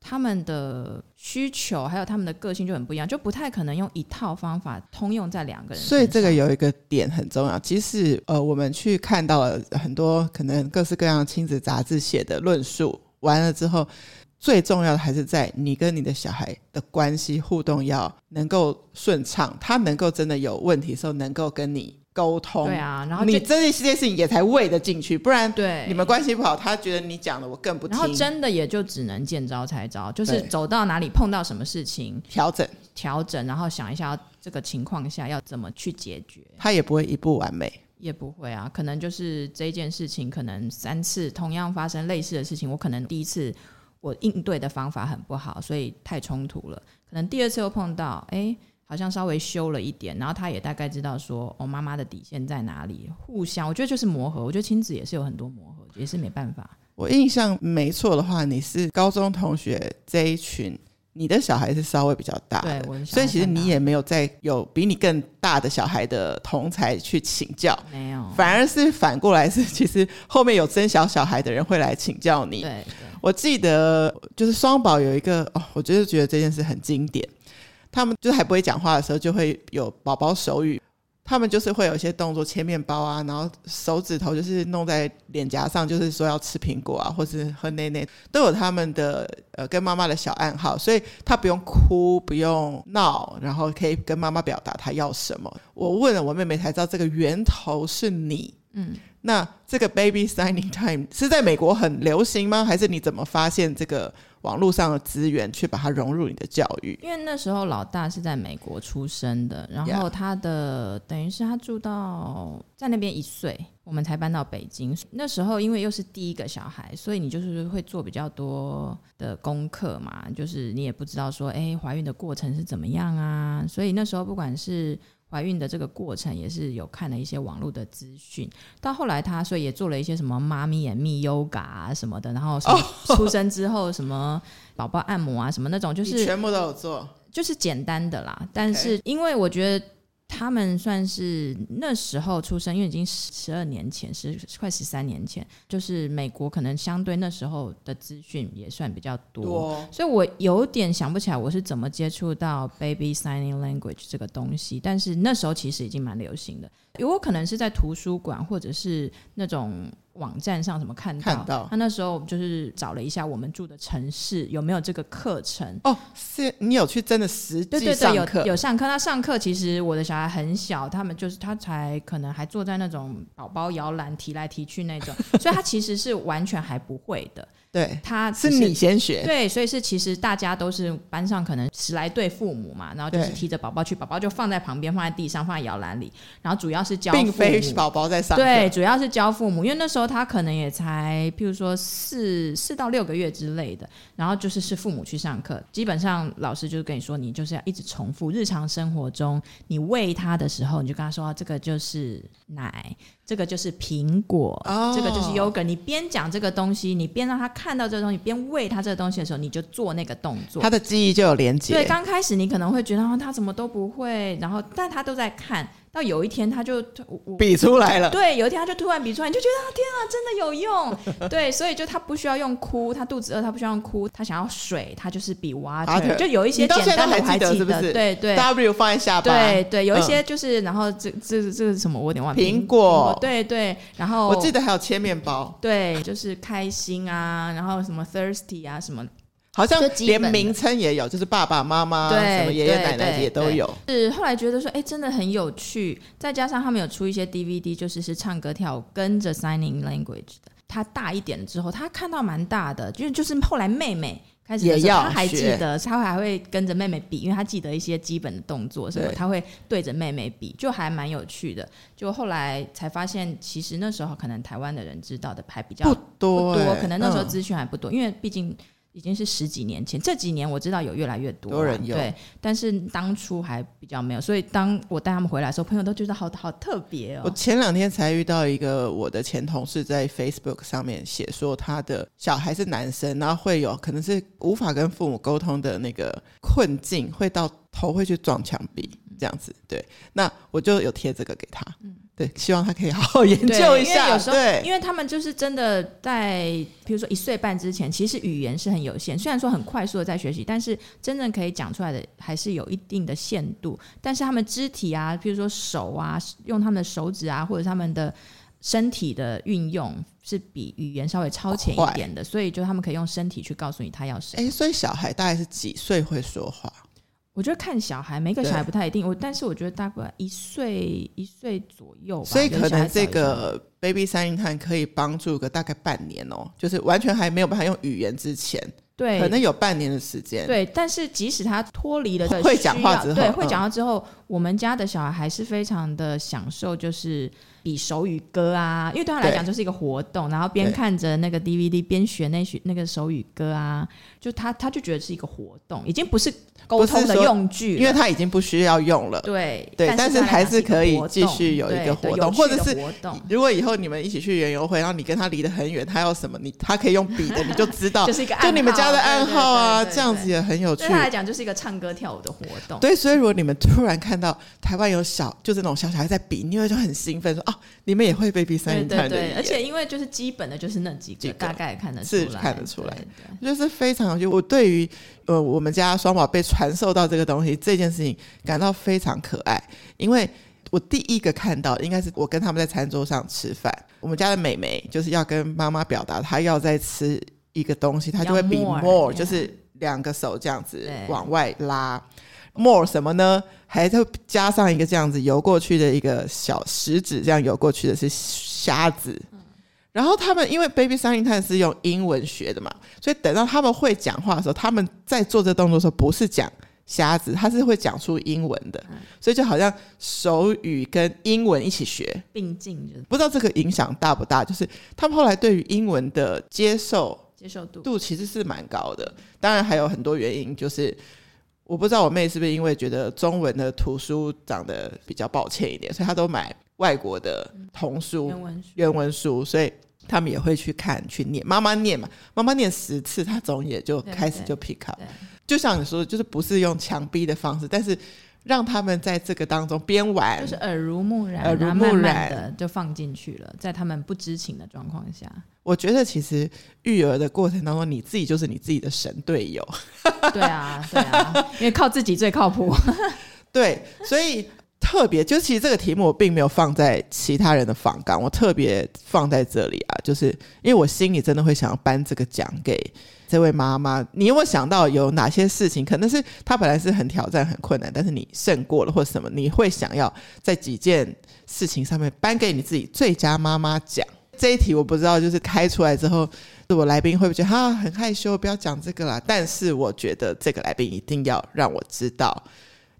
Speaker 2: 他們的需求還有他們的個性就很不一樣，就不太可能用一套方法通用在兩個人身上。所以這個
Speaker 1: 有一個點很重要，即使呃，我們去看到了很多可能各式各樣親子雜誌寫的論述完了之後，最重要的還是在你跟你的小孩的關係互動要能夠順暢，他能夠真的有問題的時候能夠跟你。溝通。對啊，然後你這
Speaker 2: 件事情也才餵得進去，不然你們關係不好，他覺得你講的我更不聽。然後真的也就只能見招拆招，就是走到哪裡碰到什麼事情，調整調整，然後想一下這個情況下要怎麼去解決。
Speaker 1: 他也不會一步完美，
Speaker 2: 也不會啊，可能就是這件事情，可能三次同樣發生類似的事情，我可能第一次我應對的方法很不好，所以太衝突了，可能第二次又碰到哎、誒好像稍微修了一點，然後他也大概知道說，我、哦、媽媽的底線在哪裡。互相，我覺得就是磨合，我覺得親子也是有很多磨合，也是沒辦法。我印象沒
Speaker 1: 錯的話，你是高中同學這一群，你的小孩是稍微比較大的，
Speaker 2: 對，所以其實
Speaker 1: 你也沒有再有比你更大的小孩的同才去請教，沒有，反而是反過來是，其實後面有生小小孩的人會來請教你。對，對我記得就是雙寶有一個，哦，我就是覺得這件事很經典。他們就是還不會講話的時候，就會有寶寶手語。他們就是會有一些動作，切面包啊，然後手指頭就是弄在臉頰上，就是說要吃蘋果啊，或是喝奶奶，都有他們的呃跟媽媽的小暗號。所以他不用哭，不用鬧，然後可以跟媽媽表達他要什麼。我問了我妹妹才知道，這個源頭是你。嗯，那這個 Baby Signing Time 是在美國很流行嗎？還是你怎麼發現這個？網絡上的資源，去把它融入你的教育。
Speaker 2: 因為那時候老大是在美國出生的，然後他的 Yeah. 等於是他住到在那邊一歲，我們才搬到北京。那時候因為又是第一個小孩，所以你就是會做比較多的功課嘛，就是你也不知道說，誒、欸、懷孕的過程是怎麼樣啊？所以那時候不管是。懷孕的這個過程也是有看了一些網絡的資訊，到後來她所以也做了一些什麼 Mommy and me yoga 啊什麼的，然後什麼，出生之後什麼寶寶按摩啊什麼那種，就是全部都有做，就是簡單的啦。Okay. 但是因為我覺得。他們算是那時候出生，因為已經十二年前，十快十三年前，就是美國可能相對那時候的資訊也算比較多，多哦，所以我有點想不起來我是怎麼接觸到 baby signing language 這個東西，但是那時候其實已經蠻流行的，有可能是在圖書館或者是那種。網站上怎麼看到，看到他那時候就是找了一下我們住的城市有沒有這個課程哦。是，你有去真的實際上課？對對對，有有上課。那上課其實我的小孩很小，他們就是他才可能還坐在那種寶寶搖籃提來提去那種， 所以他其實是完全還不會的。
Speaker 1: 對，他是，是你先學。對，
Speaker 2: 所以是其實大家都是班上可能十來對父母嘛，然後就是提着寶寶去，寶寶就放在旁邊，放在地上，放在搖籃裡，然後主要是教父母，並非是寶寶在上，對，主要是教父母，因為那時候他可能也才，譬如說四四到六個月之類的，然後就是是父母去上課，基本上老師就是跟你說，你就是要一直重複日常生活中你餵他的時候，你就跟他說，啊，這個就是奶。這個就是蘋果，oh. 這個就是 y o g，你邊講這個東西，你邊讓他看到這個東西，邊餵他這個東西的時候，你就做那個動作，他的記憶就有連接。對，剛開始你可能會覺得、哦、他什麼都不會，然後但他都在看。到有一天，他就比出來了。對，有一天他就突然比出來，你就覺得天啊，真的有用。 對，所以就他不需要用哭，他肚子餓，他不需要用哭，他想要水，他就是比 water。啊，Okay. 就有一些簡單，我還記得，你到現在還記得是不是？對，對對。W 放一下吧。對對，有一些就是，嗯、然後這這是這是什麼？我有點忘。蘋果。對對，然後我記得還有切面包。對，就是開心啊，然後什麼 thirsty 啊什麼。好像連名
Speaker 1: 稱也有，就，就是爸爸媽媽對什麼爺爺奶奶也都有。
Speaker 2: 是後來覺得說，哎、欸，真的很有趣。再加上他們有出一些 DVD，就是是唱歌跳跟着 Signing Language 的。他大一點之後，他看到蠻大的，就是就是後來妹妹開始時候，也要他還記得，他還會跟着妹妹比，因為他記得一些基本的動作什麼，對他會對着妹妹比，就還蠻有趣的。就後來才發現，其實那時候可能台灣的人知道的還比較不多，不多欸，可能那時候資訊還不多，嗯、因為畢竟。已經是十幾年前，這幾年我知道有越來越多啊，多人有。對，但是當初還比較沒有，所以當我帶他們回來的時候，朋友都覺得好好特別哦。我前兩天
Speaker 1: 才遇到一個我的前同事在 Facebook 上面寫說，他的小孩是男生，然後會有可能是無法跟父母溝通的那個困境，會到頭會去撞牆壁這樣子。對，那我就有貼這個給他。嗯對，希望他可以好
Speaker 2: 好研究一下。對，因為有時候，對，因為他們就是真的在，譬如說一歲半之前，其實語言是很有限。雖然說很快速的在學習，但是真正可以講出來的還是有一定的限度。但是他們肢體啊，譬如說手啊，用他們的手指啊，或者他們的身體的運用，是比語言稍微超前一點的。壞所以，就他們可以用身體去告訴你他要什麼。哎、欸，所以小孩大概是幾歲會說話？我覺得看小孩，每個小孩不太一定。對我但是我覺得大概一歲一歲左右吧。所以可能這個
Speaker 1: Baby 三英漢可以幫助個大概半年哦，就是完全還沒有辦法用語言
Speaker 2: 之前，對，可能有半年的時間。對，但是即使他脫離了會講話之後，對會講話之後，嗯、我們家的小孩還是非常的享受，就是。比手語歌啊，因為對他來講就是一個活動，對然後邊看着那個 DVD 邊學那學那個手語歌啊，對就他他就覺得是一個活動，嗯、已經不是溝通的用具，因為他已
Speaker 1: 經不需要用了。對對，對但是還是可以繼續有一個活動，活動或者是如果以後你們一起去園遊會，然後你跟他離得很遠，他要什麼你他可以用比的，你就知道， 就是一個就你們家的暗號啊，對對對對對這樣子也很有趣。對，對，對他來
Speaker 2: 講就是一個唱歌跳舞的活動。對，所
Speaker 1: 以如果你們突然看到台灣有小就這種小小孩在比，你會就很興奮說、啊你們也會被逼三眼看而且
Speaker 2: 因為就是基本的就是那幾個，幾個大概看得出來，是看得出來，
Speaker 1: 對對對就是非常有趣我對於呃，我們家雙寶被傳授到這個東西這件事情感到非常可愛，因為我第一個看到應該是我跟他們在餐桌上吃飯，我們家的妹妹,妹就是要跟媽媽表達她要再吃一個東西，她就會比 more, 要 more 就是兩個手這樣子往外拉。more 什麼呢？還加上一個這樣子游過去的一個小石子。這樣游過去的是瞎子。然後他們因為 Baby 三 m e 是用英文學的嘛，所以等到他們會講話的時候，他們在做這個動作的時候不是講瞎子，他是會講出英文的，所以就好像手語跟英文一起學
Speaker 2: 並進，不
Speaker 1: 知道這個影響大不大？就是他們後來對於英文的接受度度其實是蠻高的。當然還有很多原因就是。我不知道我妹是不是因為覺得中文的圖書長得比較抱歉一點，所以她都買外國的童書，嗯、原、文書原文書，所以他們也會去看、去念，媽媽念嘛，媽媽念十次，她總也就開始就 pick up。對對，就像你說，就是不是用強逼的方式，但是。
Speaker 2: 讓他們在這個當中邊玩，就是耳濡目染，耳濡目染，啊、慢慢的就放進去了，在他們不知情的狀況下，
Speaker 1: 我覺得其實育兒的過程當中，你自己就是你自己的神隊友。
Speaker 2: 對啊，對啊，因為靠自己最靠譜。
Speaker 1: 對，所以特別就是，其實這個題目我並沒有放在其他人的訪談，我特別放在這裡啊，就是因為我心裡真的會想要頒這個獎給。這位媽媽，你有沒有想到有哪些事情可能是她本來是很挑戰、很困難，但是你勝過了或者什麼？你會想要在幾件事情上面頒給你自己最佳媽媽獎？這一題我不知道，就是開出來之後，我來賓會不會覺得啊很害羞，不要講這個啦？但是我覺得這個來賓一定要讓我知道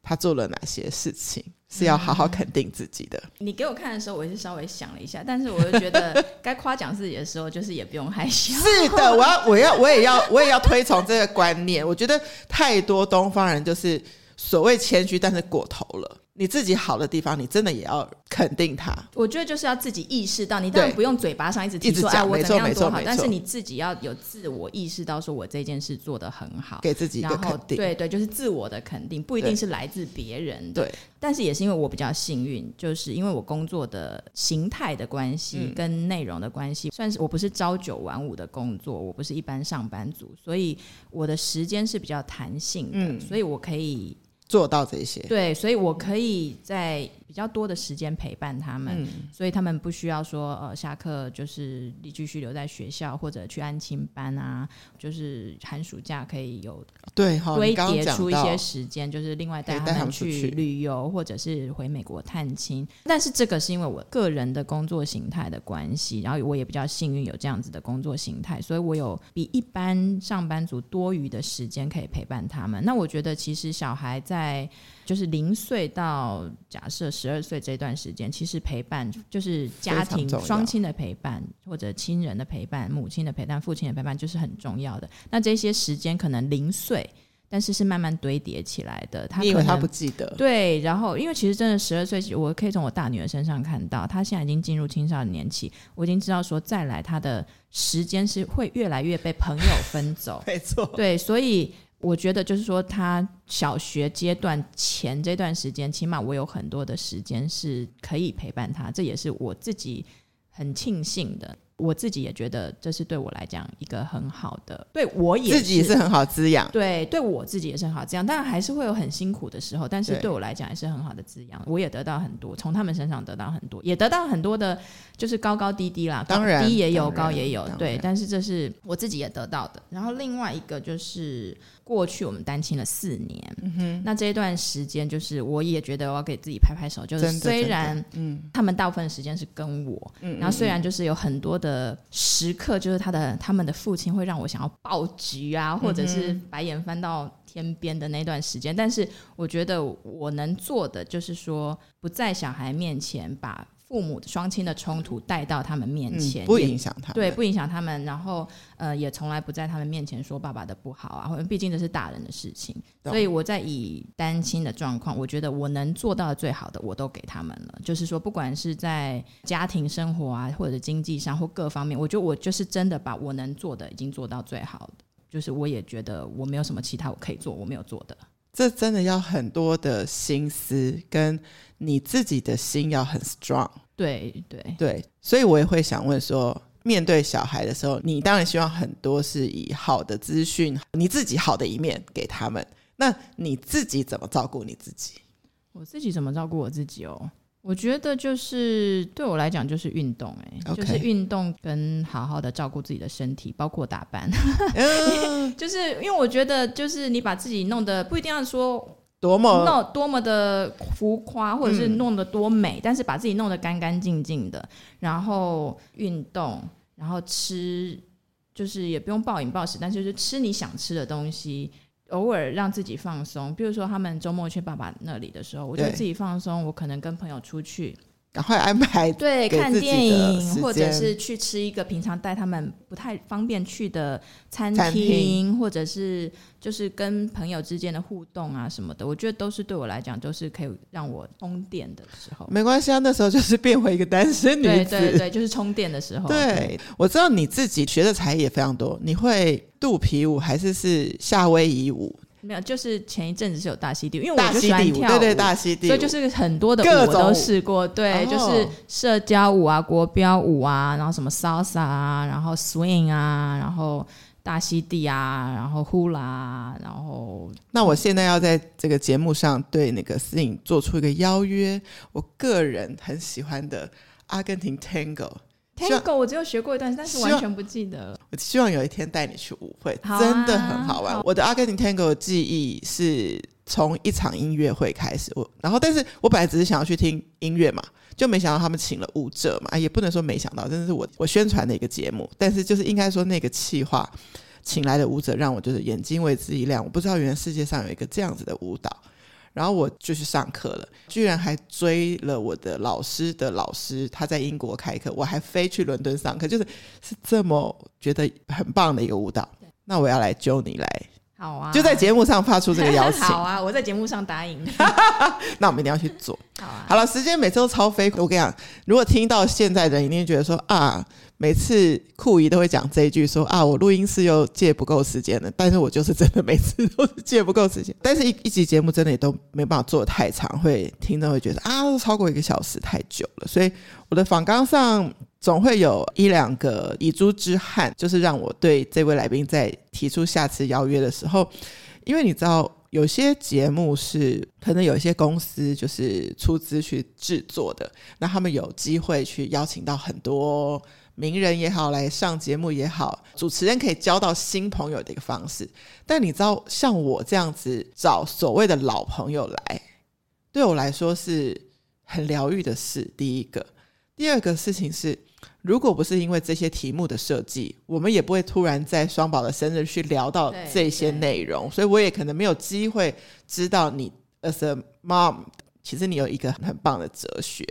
Speaker 1: 他做了哪些事情。是要好好肯定自己的。
Speaker 2: 嗯、你給我看的時候，我也是稍微想了一下，但是我就覺得該誇獎自己的時候， 就是也不用害羞。是的，我要，我要，我也要，我也要推崇這個
Speaker 1: 觀念。 我也要推崇這個觀念，我覺得太多東方人就是所謂謙虛，但是過頭了。你自己好的地方，你真的也要肯定他。
Speaker 2: 我覺得就是要自己意識到，你當然不用嘴巴上一直提出來，哎，我怎麼樣做沒錯好，沒錯，但是你自己要有自我意識到，說我這件事做得很好，給自己一個肯定。然後對對，就是自我的肯定，不一定是來自別人對，對，但是也是因為我比較幸運，就是因為我工作的形態的關係跟內容的關係，算、嗯、是我不是朝九晚五的工作，我不是一般上班族，所以我的時間是比較彈性的，嗯、所以我可以。做到這些，對，所以我可以在比較多的時間陪伴他們，嗯、所以他們不需要說呃下課就是你繼續留在學校或者去安親班啊，就是寒暑假可以有對堆疊出一些時間，哦、就是另外帶他們去旅遊或者是回美國探親。但是這個是因為我個人的工作形態的關係，然後我也比較幸運有這樣子的工作形態，所以我有比一般上班族多餘的時間可以陪伴他們。那我覺得其實小孩在在就是零歲到假設十二歲這段時間，其實陪伴就是家庭雙親的陪伴或者親人的陪伴，母親的陪伴，父親的陪伴就是很重要的。那這些時間可能零碎，但是是慢慢堆疊起來的。他可能，你以為他不記得？對，然後因為其實真的十二歲我可以從我大女兒身上看到，她現在已經進入青少年期，我已經知道說再來她的時間是會越來越被朋友分走。 沒錯，對，所以。我覺得就是說，他小學階段前這段時間，起碼我有很多的時間是可以陪伴他，這也是我自己很慶幸的。我自己也覺得這是對我來講一個很好的，對我也自己是很好滋養。對，對我自己也是很好滋養，當然還是會有很辛苦的時候，但是對我來講也是很好的滋養。我也得到很多，從他們身上得到很多，也得到很多的，就是高高低低啦，當然低也有，當然高也有，當然對。但是這是我自己也得到的。然後另外一個就是。過去我們單親了四年，嗯、哼那這一段時間就是我也覺得我要給自己拍拍手，就是雖然，嗯，他們大部分時間是跟我，嗯嗯嗯，然後雖然就是有很多的時刻，就是他的他們的父親會讓我想要爆菊啊，或者是白眼翻到天邊的那段時間，嗯、哼但是我覺得我能做的就是說不在小孩面前把。父母雙親的衝突帶到他們面前，嗯、不影響他們，對，不影響他們。然後，呃，也從來不在他們面前說爸爸的不好啊，或者畢竟這是大人的事情。嗯、所以，我在以單親的狀況，我覺得我能做到的最好的，我都給他們了。就是說，不管是在家庭生活啊，或者經濟上或各方面，我覺得我就是真的把我能做的已經做到最好。就是我也覺得我沒有什麼其他我可以做，我沒有做的。
Speaker 1: 這真的要很多的心思，跟你自己的心要很 strong。
Speaker 2: 對對
Speaker 1: 對，所以我也會想問說，面對小孩的時候，你當然希望很多是以好的資訊，你自己好的一面給他們。那你自己怎麼照顧你自己？
Speaker 2: 我自己怎麼照顧我自己哦。我覺得就是對我來講就是運動哎、欸，Okay. 就是運動跟好好的照顧自己的身體，包括打扮， 呃、就是因為我覺得就是你把自己弄得不一定要說多麼弄多麼的浮誇，或者是弄得多美，嗯、但是把自己弄得乾乾淨淨的，然後運動，然後吃，就是也不用暴飲暴食，但是就是吃你想吃的東西。偶爾讓自己放鬆，比如說他們周末去爸爸那裡的時候，我就自己放鬆。對我可能跟朋友出去。趕快安排，對，看電影，或者是去吃一個平常帶他們不太方便去的餐廳，餐廳，或者是就是跟朋友之間的互動啊什麼的，我覺得都是對我來講都是可以讓我充電的時候。沒
Speaker 1: 關係啊，那時候就是變回一個單身女子，對對對，
Speaker 2: 就是充電的時候。對，
Speaker 1: 我知道你自己學的才藝也非常多，你會肚
Speaker 2: 皮舞還是是夏威夷舞？沒有，就是前一陣子是有大溪地，因為我就喜歡跳舞舞，對對，對大溪地，所以就是很多的舞我都試過，對，就是社交舞啊、國標舞啊，然後什麼 salsa 啊，然後 swing 啊，然後大溪地啊，然後呼啦啊，然後。
Speaker 1: 那我現在要在這個節目上對那個 Sing 做出一個邀約，我個人很喜歡的阿根廷 tango。
Speaker 2: Tango 我只有學過一段，望但是
Speaker 1: 完全不記得。我希望有一天帶你去舞會，啊，真的很好玩。好，我的 Argentine Tango 記憶是從一場音樂會開始，我然後但是我本來只是想要去聽音樂嘛，就沒想到他們請了舞者嘛，也不能說沒想到，真的是我我宣傳的一個節目，但是就是應該說那個企劃，請來的舞者讓我就是眼睛為之一亮，我不知道原來世界上有一個這樣子的舞蹈。然後我就去上課了，居然還追了我的老師的老師，他在英國開課，我還飛去倫敦上課，就是是這麼覺得很棒的一個舞蹈。對那我要來揪你來，好
Speaker 2: 啊，就在節目上發出這個邀請， 好啊，我在節目上答應，
Speaker 1: 那我們一定要去做。好啊。好了，時間每次都超飛，我跟你講，如果聽到現在的人一定覺得說啊。每次酷姨都會講這一句說啊，我錄音室又借不夠時間了，但是我就是真的每次都是借不夠時間。但是一，一一集節目真的也都沒辦法做太長，會聽眾會覺得啊，超過一個小時太久了。所以，我的訪綱上總會有一兩個遺珠之憾，就是讓我對這位來賓在提出下次邀約的時候，因為你知道有些節目是可能有一些公司就是出資去制作的，那他們有機會去邀請到很多。名人也好，來上節目也好，主持人可以交到新朋友的一個方式。但你知道，像我這樣子找所謂的老朋友來，對我來說是很療癒的事。第一個，第二個事情是，如果不是因為這些題目的設計，我們也不會突然在雙寶的生日去聊到這些內容。所以我也可能沒有機會知道你 as a mom。其實你有一個很棒的哲學，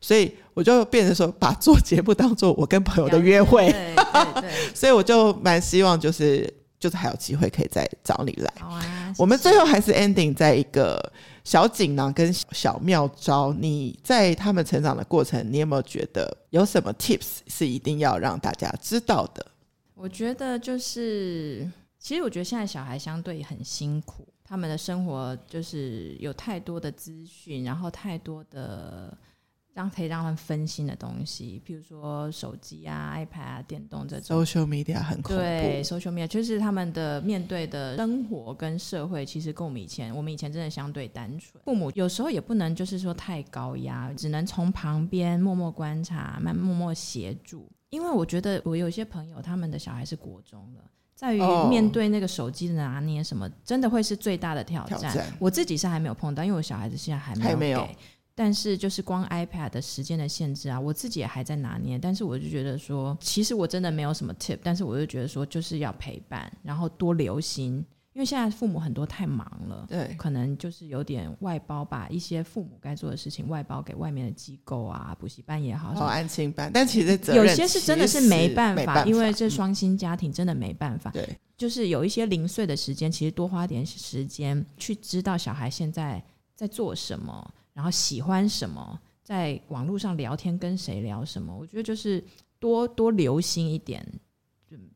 Speaker 1: 所以我就變成說，把做節目當做我跟朋友的約會。 所以我就蠻希望，就是就是還有機會可以再找你來。好啊，謝謝。我們最後還是 ending 在一個小錦囊跟小妙招。你在他們成長的過程，你有沒有覺得有什麼 tips 是一定要讓大家知道的？
Speaker 2: 我覺得就是，其實我覺得現在小孩相對很辛苦。他們的生活就是有太多的資訊，然後太多的讓可以讓他們分心的東西，譬如說手機啊、iPad 啊、電動這種。
Speaker 1: social media 很恐怖。對
Speaker 2: ，social media 就是他們的面對的生活跟社會，其實跟我們以前，我們以前真的相對單純。父母有時候也不能就是說太高壓，只能從旁邊默默觀察、慢默默協助。因為我覺得我有些朋友，他們的小孩是國中的。在於面對那個手機的拿捏，什麼真的會是最大的挑戰。我自己是還沒有碰到，因為我小孩子現在還沒有給，但是就是光 iPad 的時間的限制啊，我自己也還在拿捏。但是我就覺得說，其實我真的沒有什麼 tip，但是我就覺得說，就是要陪伴，然後多留心。因為現在父母很多太忙了，對可能就是有點外包，把一些父母該做的事情外包給外面的機構啊，補習班也好，哦、安心班。但其實這有些是真的是沒辦法，辦法，因為這雙薪家庭真的沒辦法。對、嗯，就是有一些零碎的時間，其實多花點時間去知道小孩現在在做什麼，然後喜歡什麼，在網絡上聊天跟誰聊什麼，我覺得就是多多留心一點。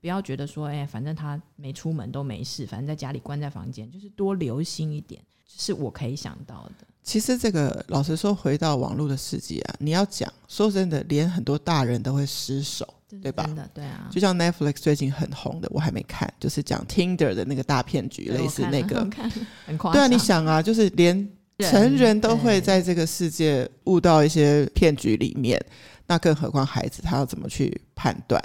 Speaker 2: 不要覺得說，哎、欸，反正他沒出門都沒事，反正在家裡關在房間，就是多留心一點，就是我可以想到的。
Speaker 1: 其實這個老實說，回到網絡的世界啊，你要講說真的，連很多大人都會失手，對吧？真的對啊，就像 Netflix 最近很紅的，我還沒看，就是講 Tinder 的那個大騙局，對類似那個。對啊，你想啊，就是連成人都會在這個世界悟到一些騙局裡面，那更何況孩子，他要怎麼去判斷？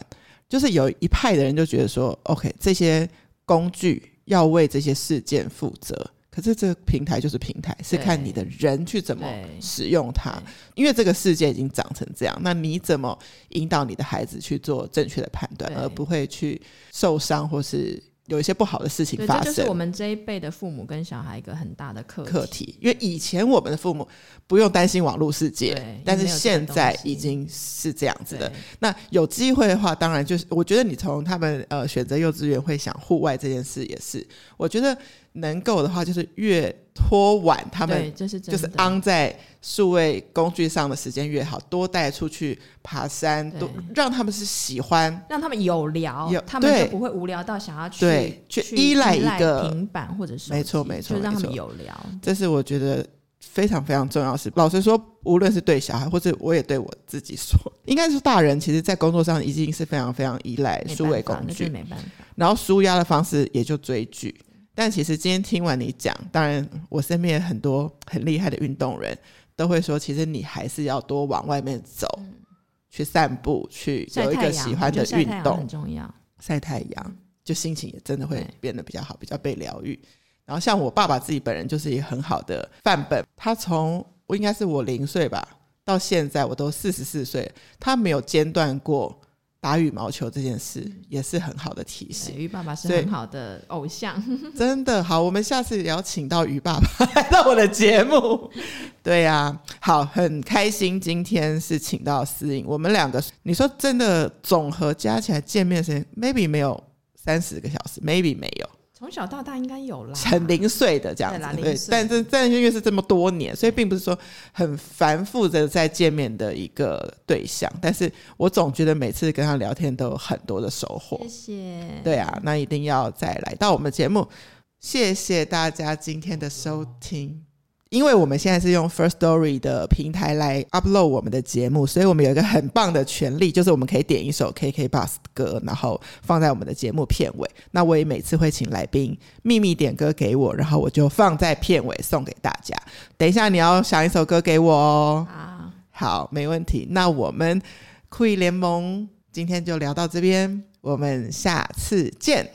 Speaker 1: 就是有一派的人就覺得說，OK，這些工具要為這些事件負責。可是這個平台就是平台，對是看你的人去怎麼使用它。因為這個世界已經長成這樣，那你怎麼引導你的孩子去做正確的判斷，對而不會去受傷或是？有一些不好的事情發生，這就是我們
Speaker 2: 這一輩的父母跟小孩一個很大的課課
Speaker 1: 題。因為以前我們的父母不用擔心網絡世界，但是現在已經是這樣子的。那有機會的話，當然就是我覺得你從他們呃選擇幼稚園會想戶外這件事也是，我覺得。能夠的話，就是越拖晚，他們是就是昂，在數位工具上的時間越好，多帶出去爬山，
Speaker 2: 對多讓他們是喜歡，讓他們有聊，有他們對就不會無聊到想要去對，依賴，去依賴一個平板或者手機。沒錯沒錯，就讓他們有
Speaker 1: 聊，這是我覺得非常非常重要的事。是對老實說，無論是對小孩，或者我也對我自己說，應該是大人，其實，在工作上已經是非常非常依賴數位工具，沒辦法。辦法，然後舒壓的方式也就追劇。但其實今天聽完你講，當然我身邊很多很厲害的運動人都會說，其實你還是要多往外面走，嗯、去散步，去有一個喜歡的運動，很重要。曬太陽就心情也真的會變得比較好，比較被療癒。對然後像我爸爸自己本人就是一個很好的範本，他從我應該是我零歲吧，到現在我都四十四歲，他沒有間斷過。打羽毛球這件事也是很好的提示對。於爸爸是很好的
Speaker 2: 偶像，對
Speaker 1: 真的好。我們下次也要請到於爸爸來到我的節目， 對呀、啊，好很開心。今天是請到思穎，我們兩個，你說真的總和加起來見面時間，maybe 沒有三十個小時，maybe 沒有。
Speaker 2: 從小到大應該有啦，很
Speaker 1: 零碎的這樣子對，對。但是，但是因為是這麼多年，所以並不是說很繁複的在見面的一個對象。嗯、但是我總覺得每次跟他聊天都有很多的收穫。謝
Speaker 2: 謝。對啊，
Speaker 1: 那一定要再來到我們節目。謝謝大家今天的收聽。哦因為我們現在是用 Firstory 的平台來 upload 我們的節目，所以我們有一個很棒的權利，就是我們可以點一首 KKBOX 的歌，然後放在我們的節目片尾。那我也每次會請來賓秘密點歌給我，然後我就放在片尾送給大家。等一下你要想一首歌給我哦。啊，好，沒問題。那我們酷姨聯萌今天就聊到這邊，我們下次見。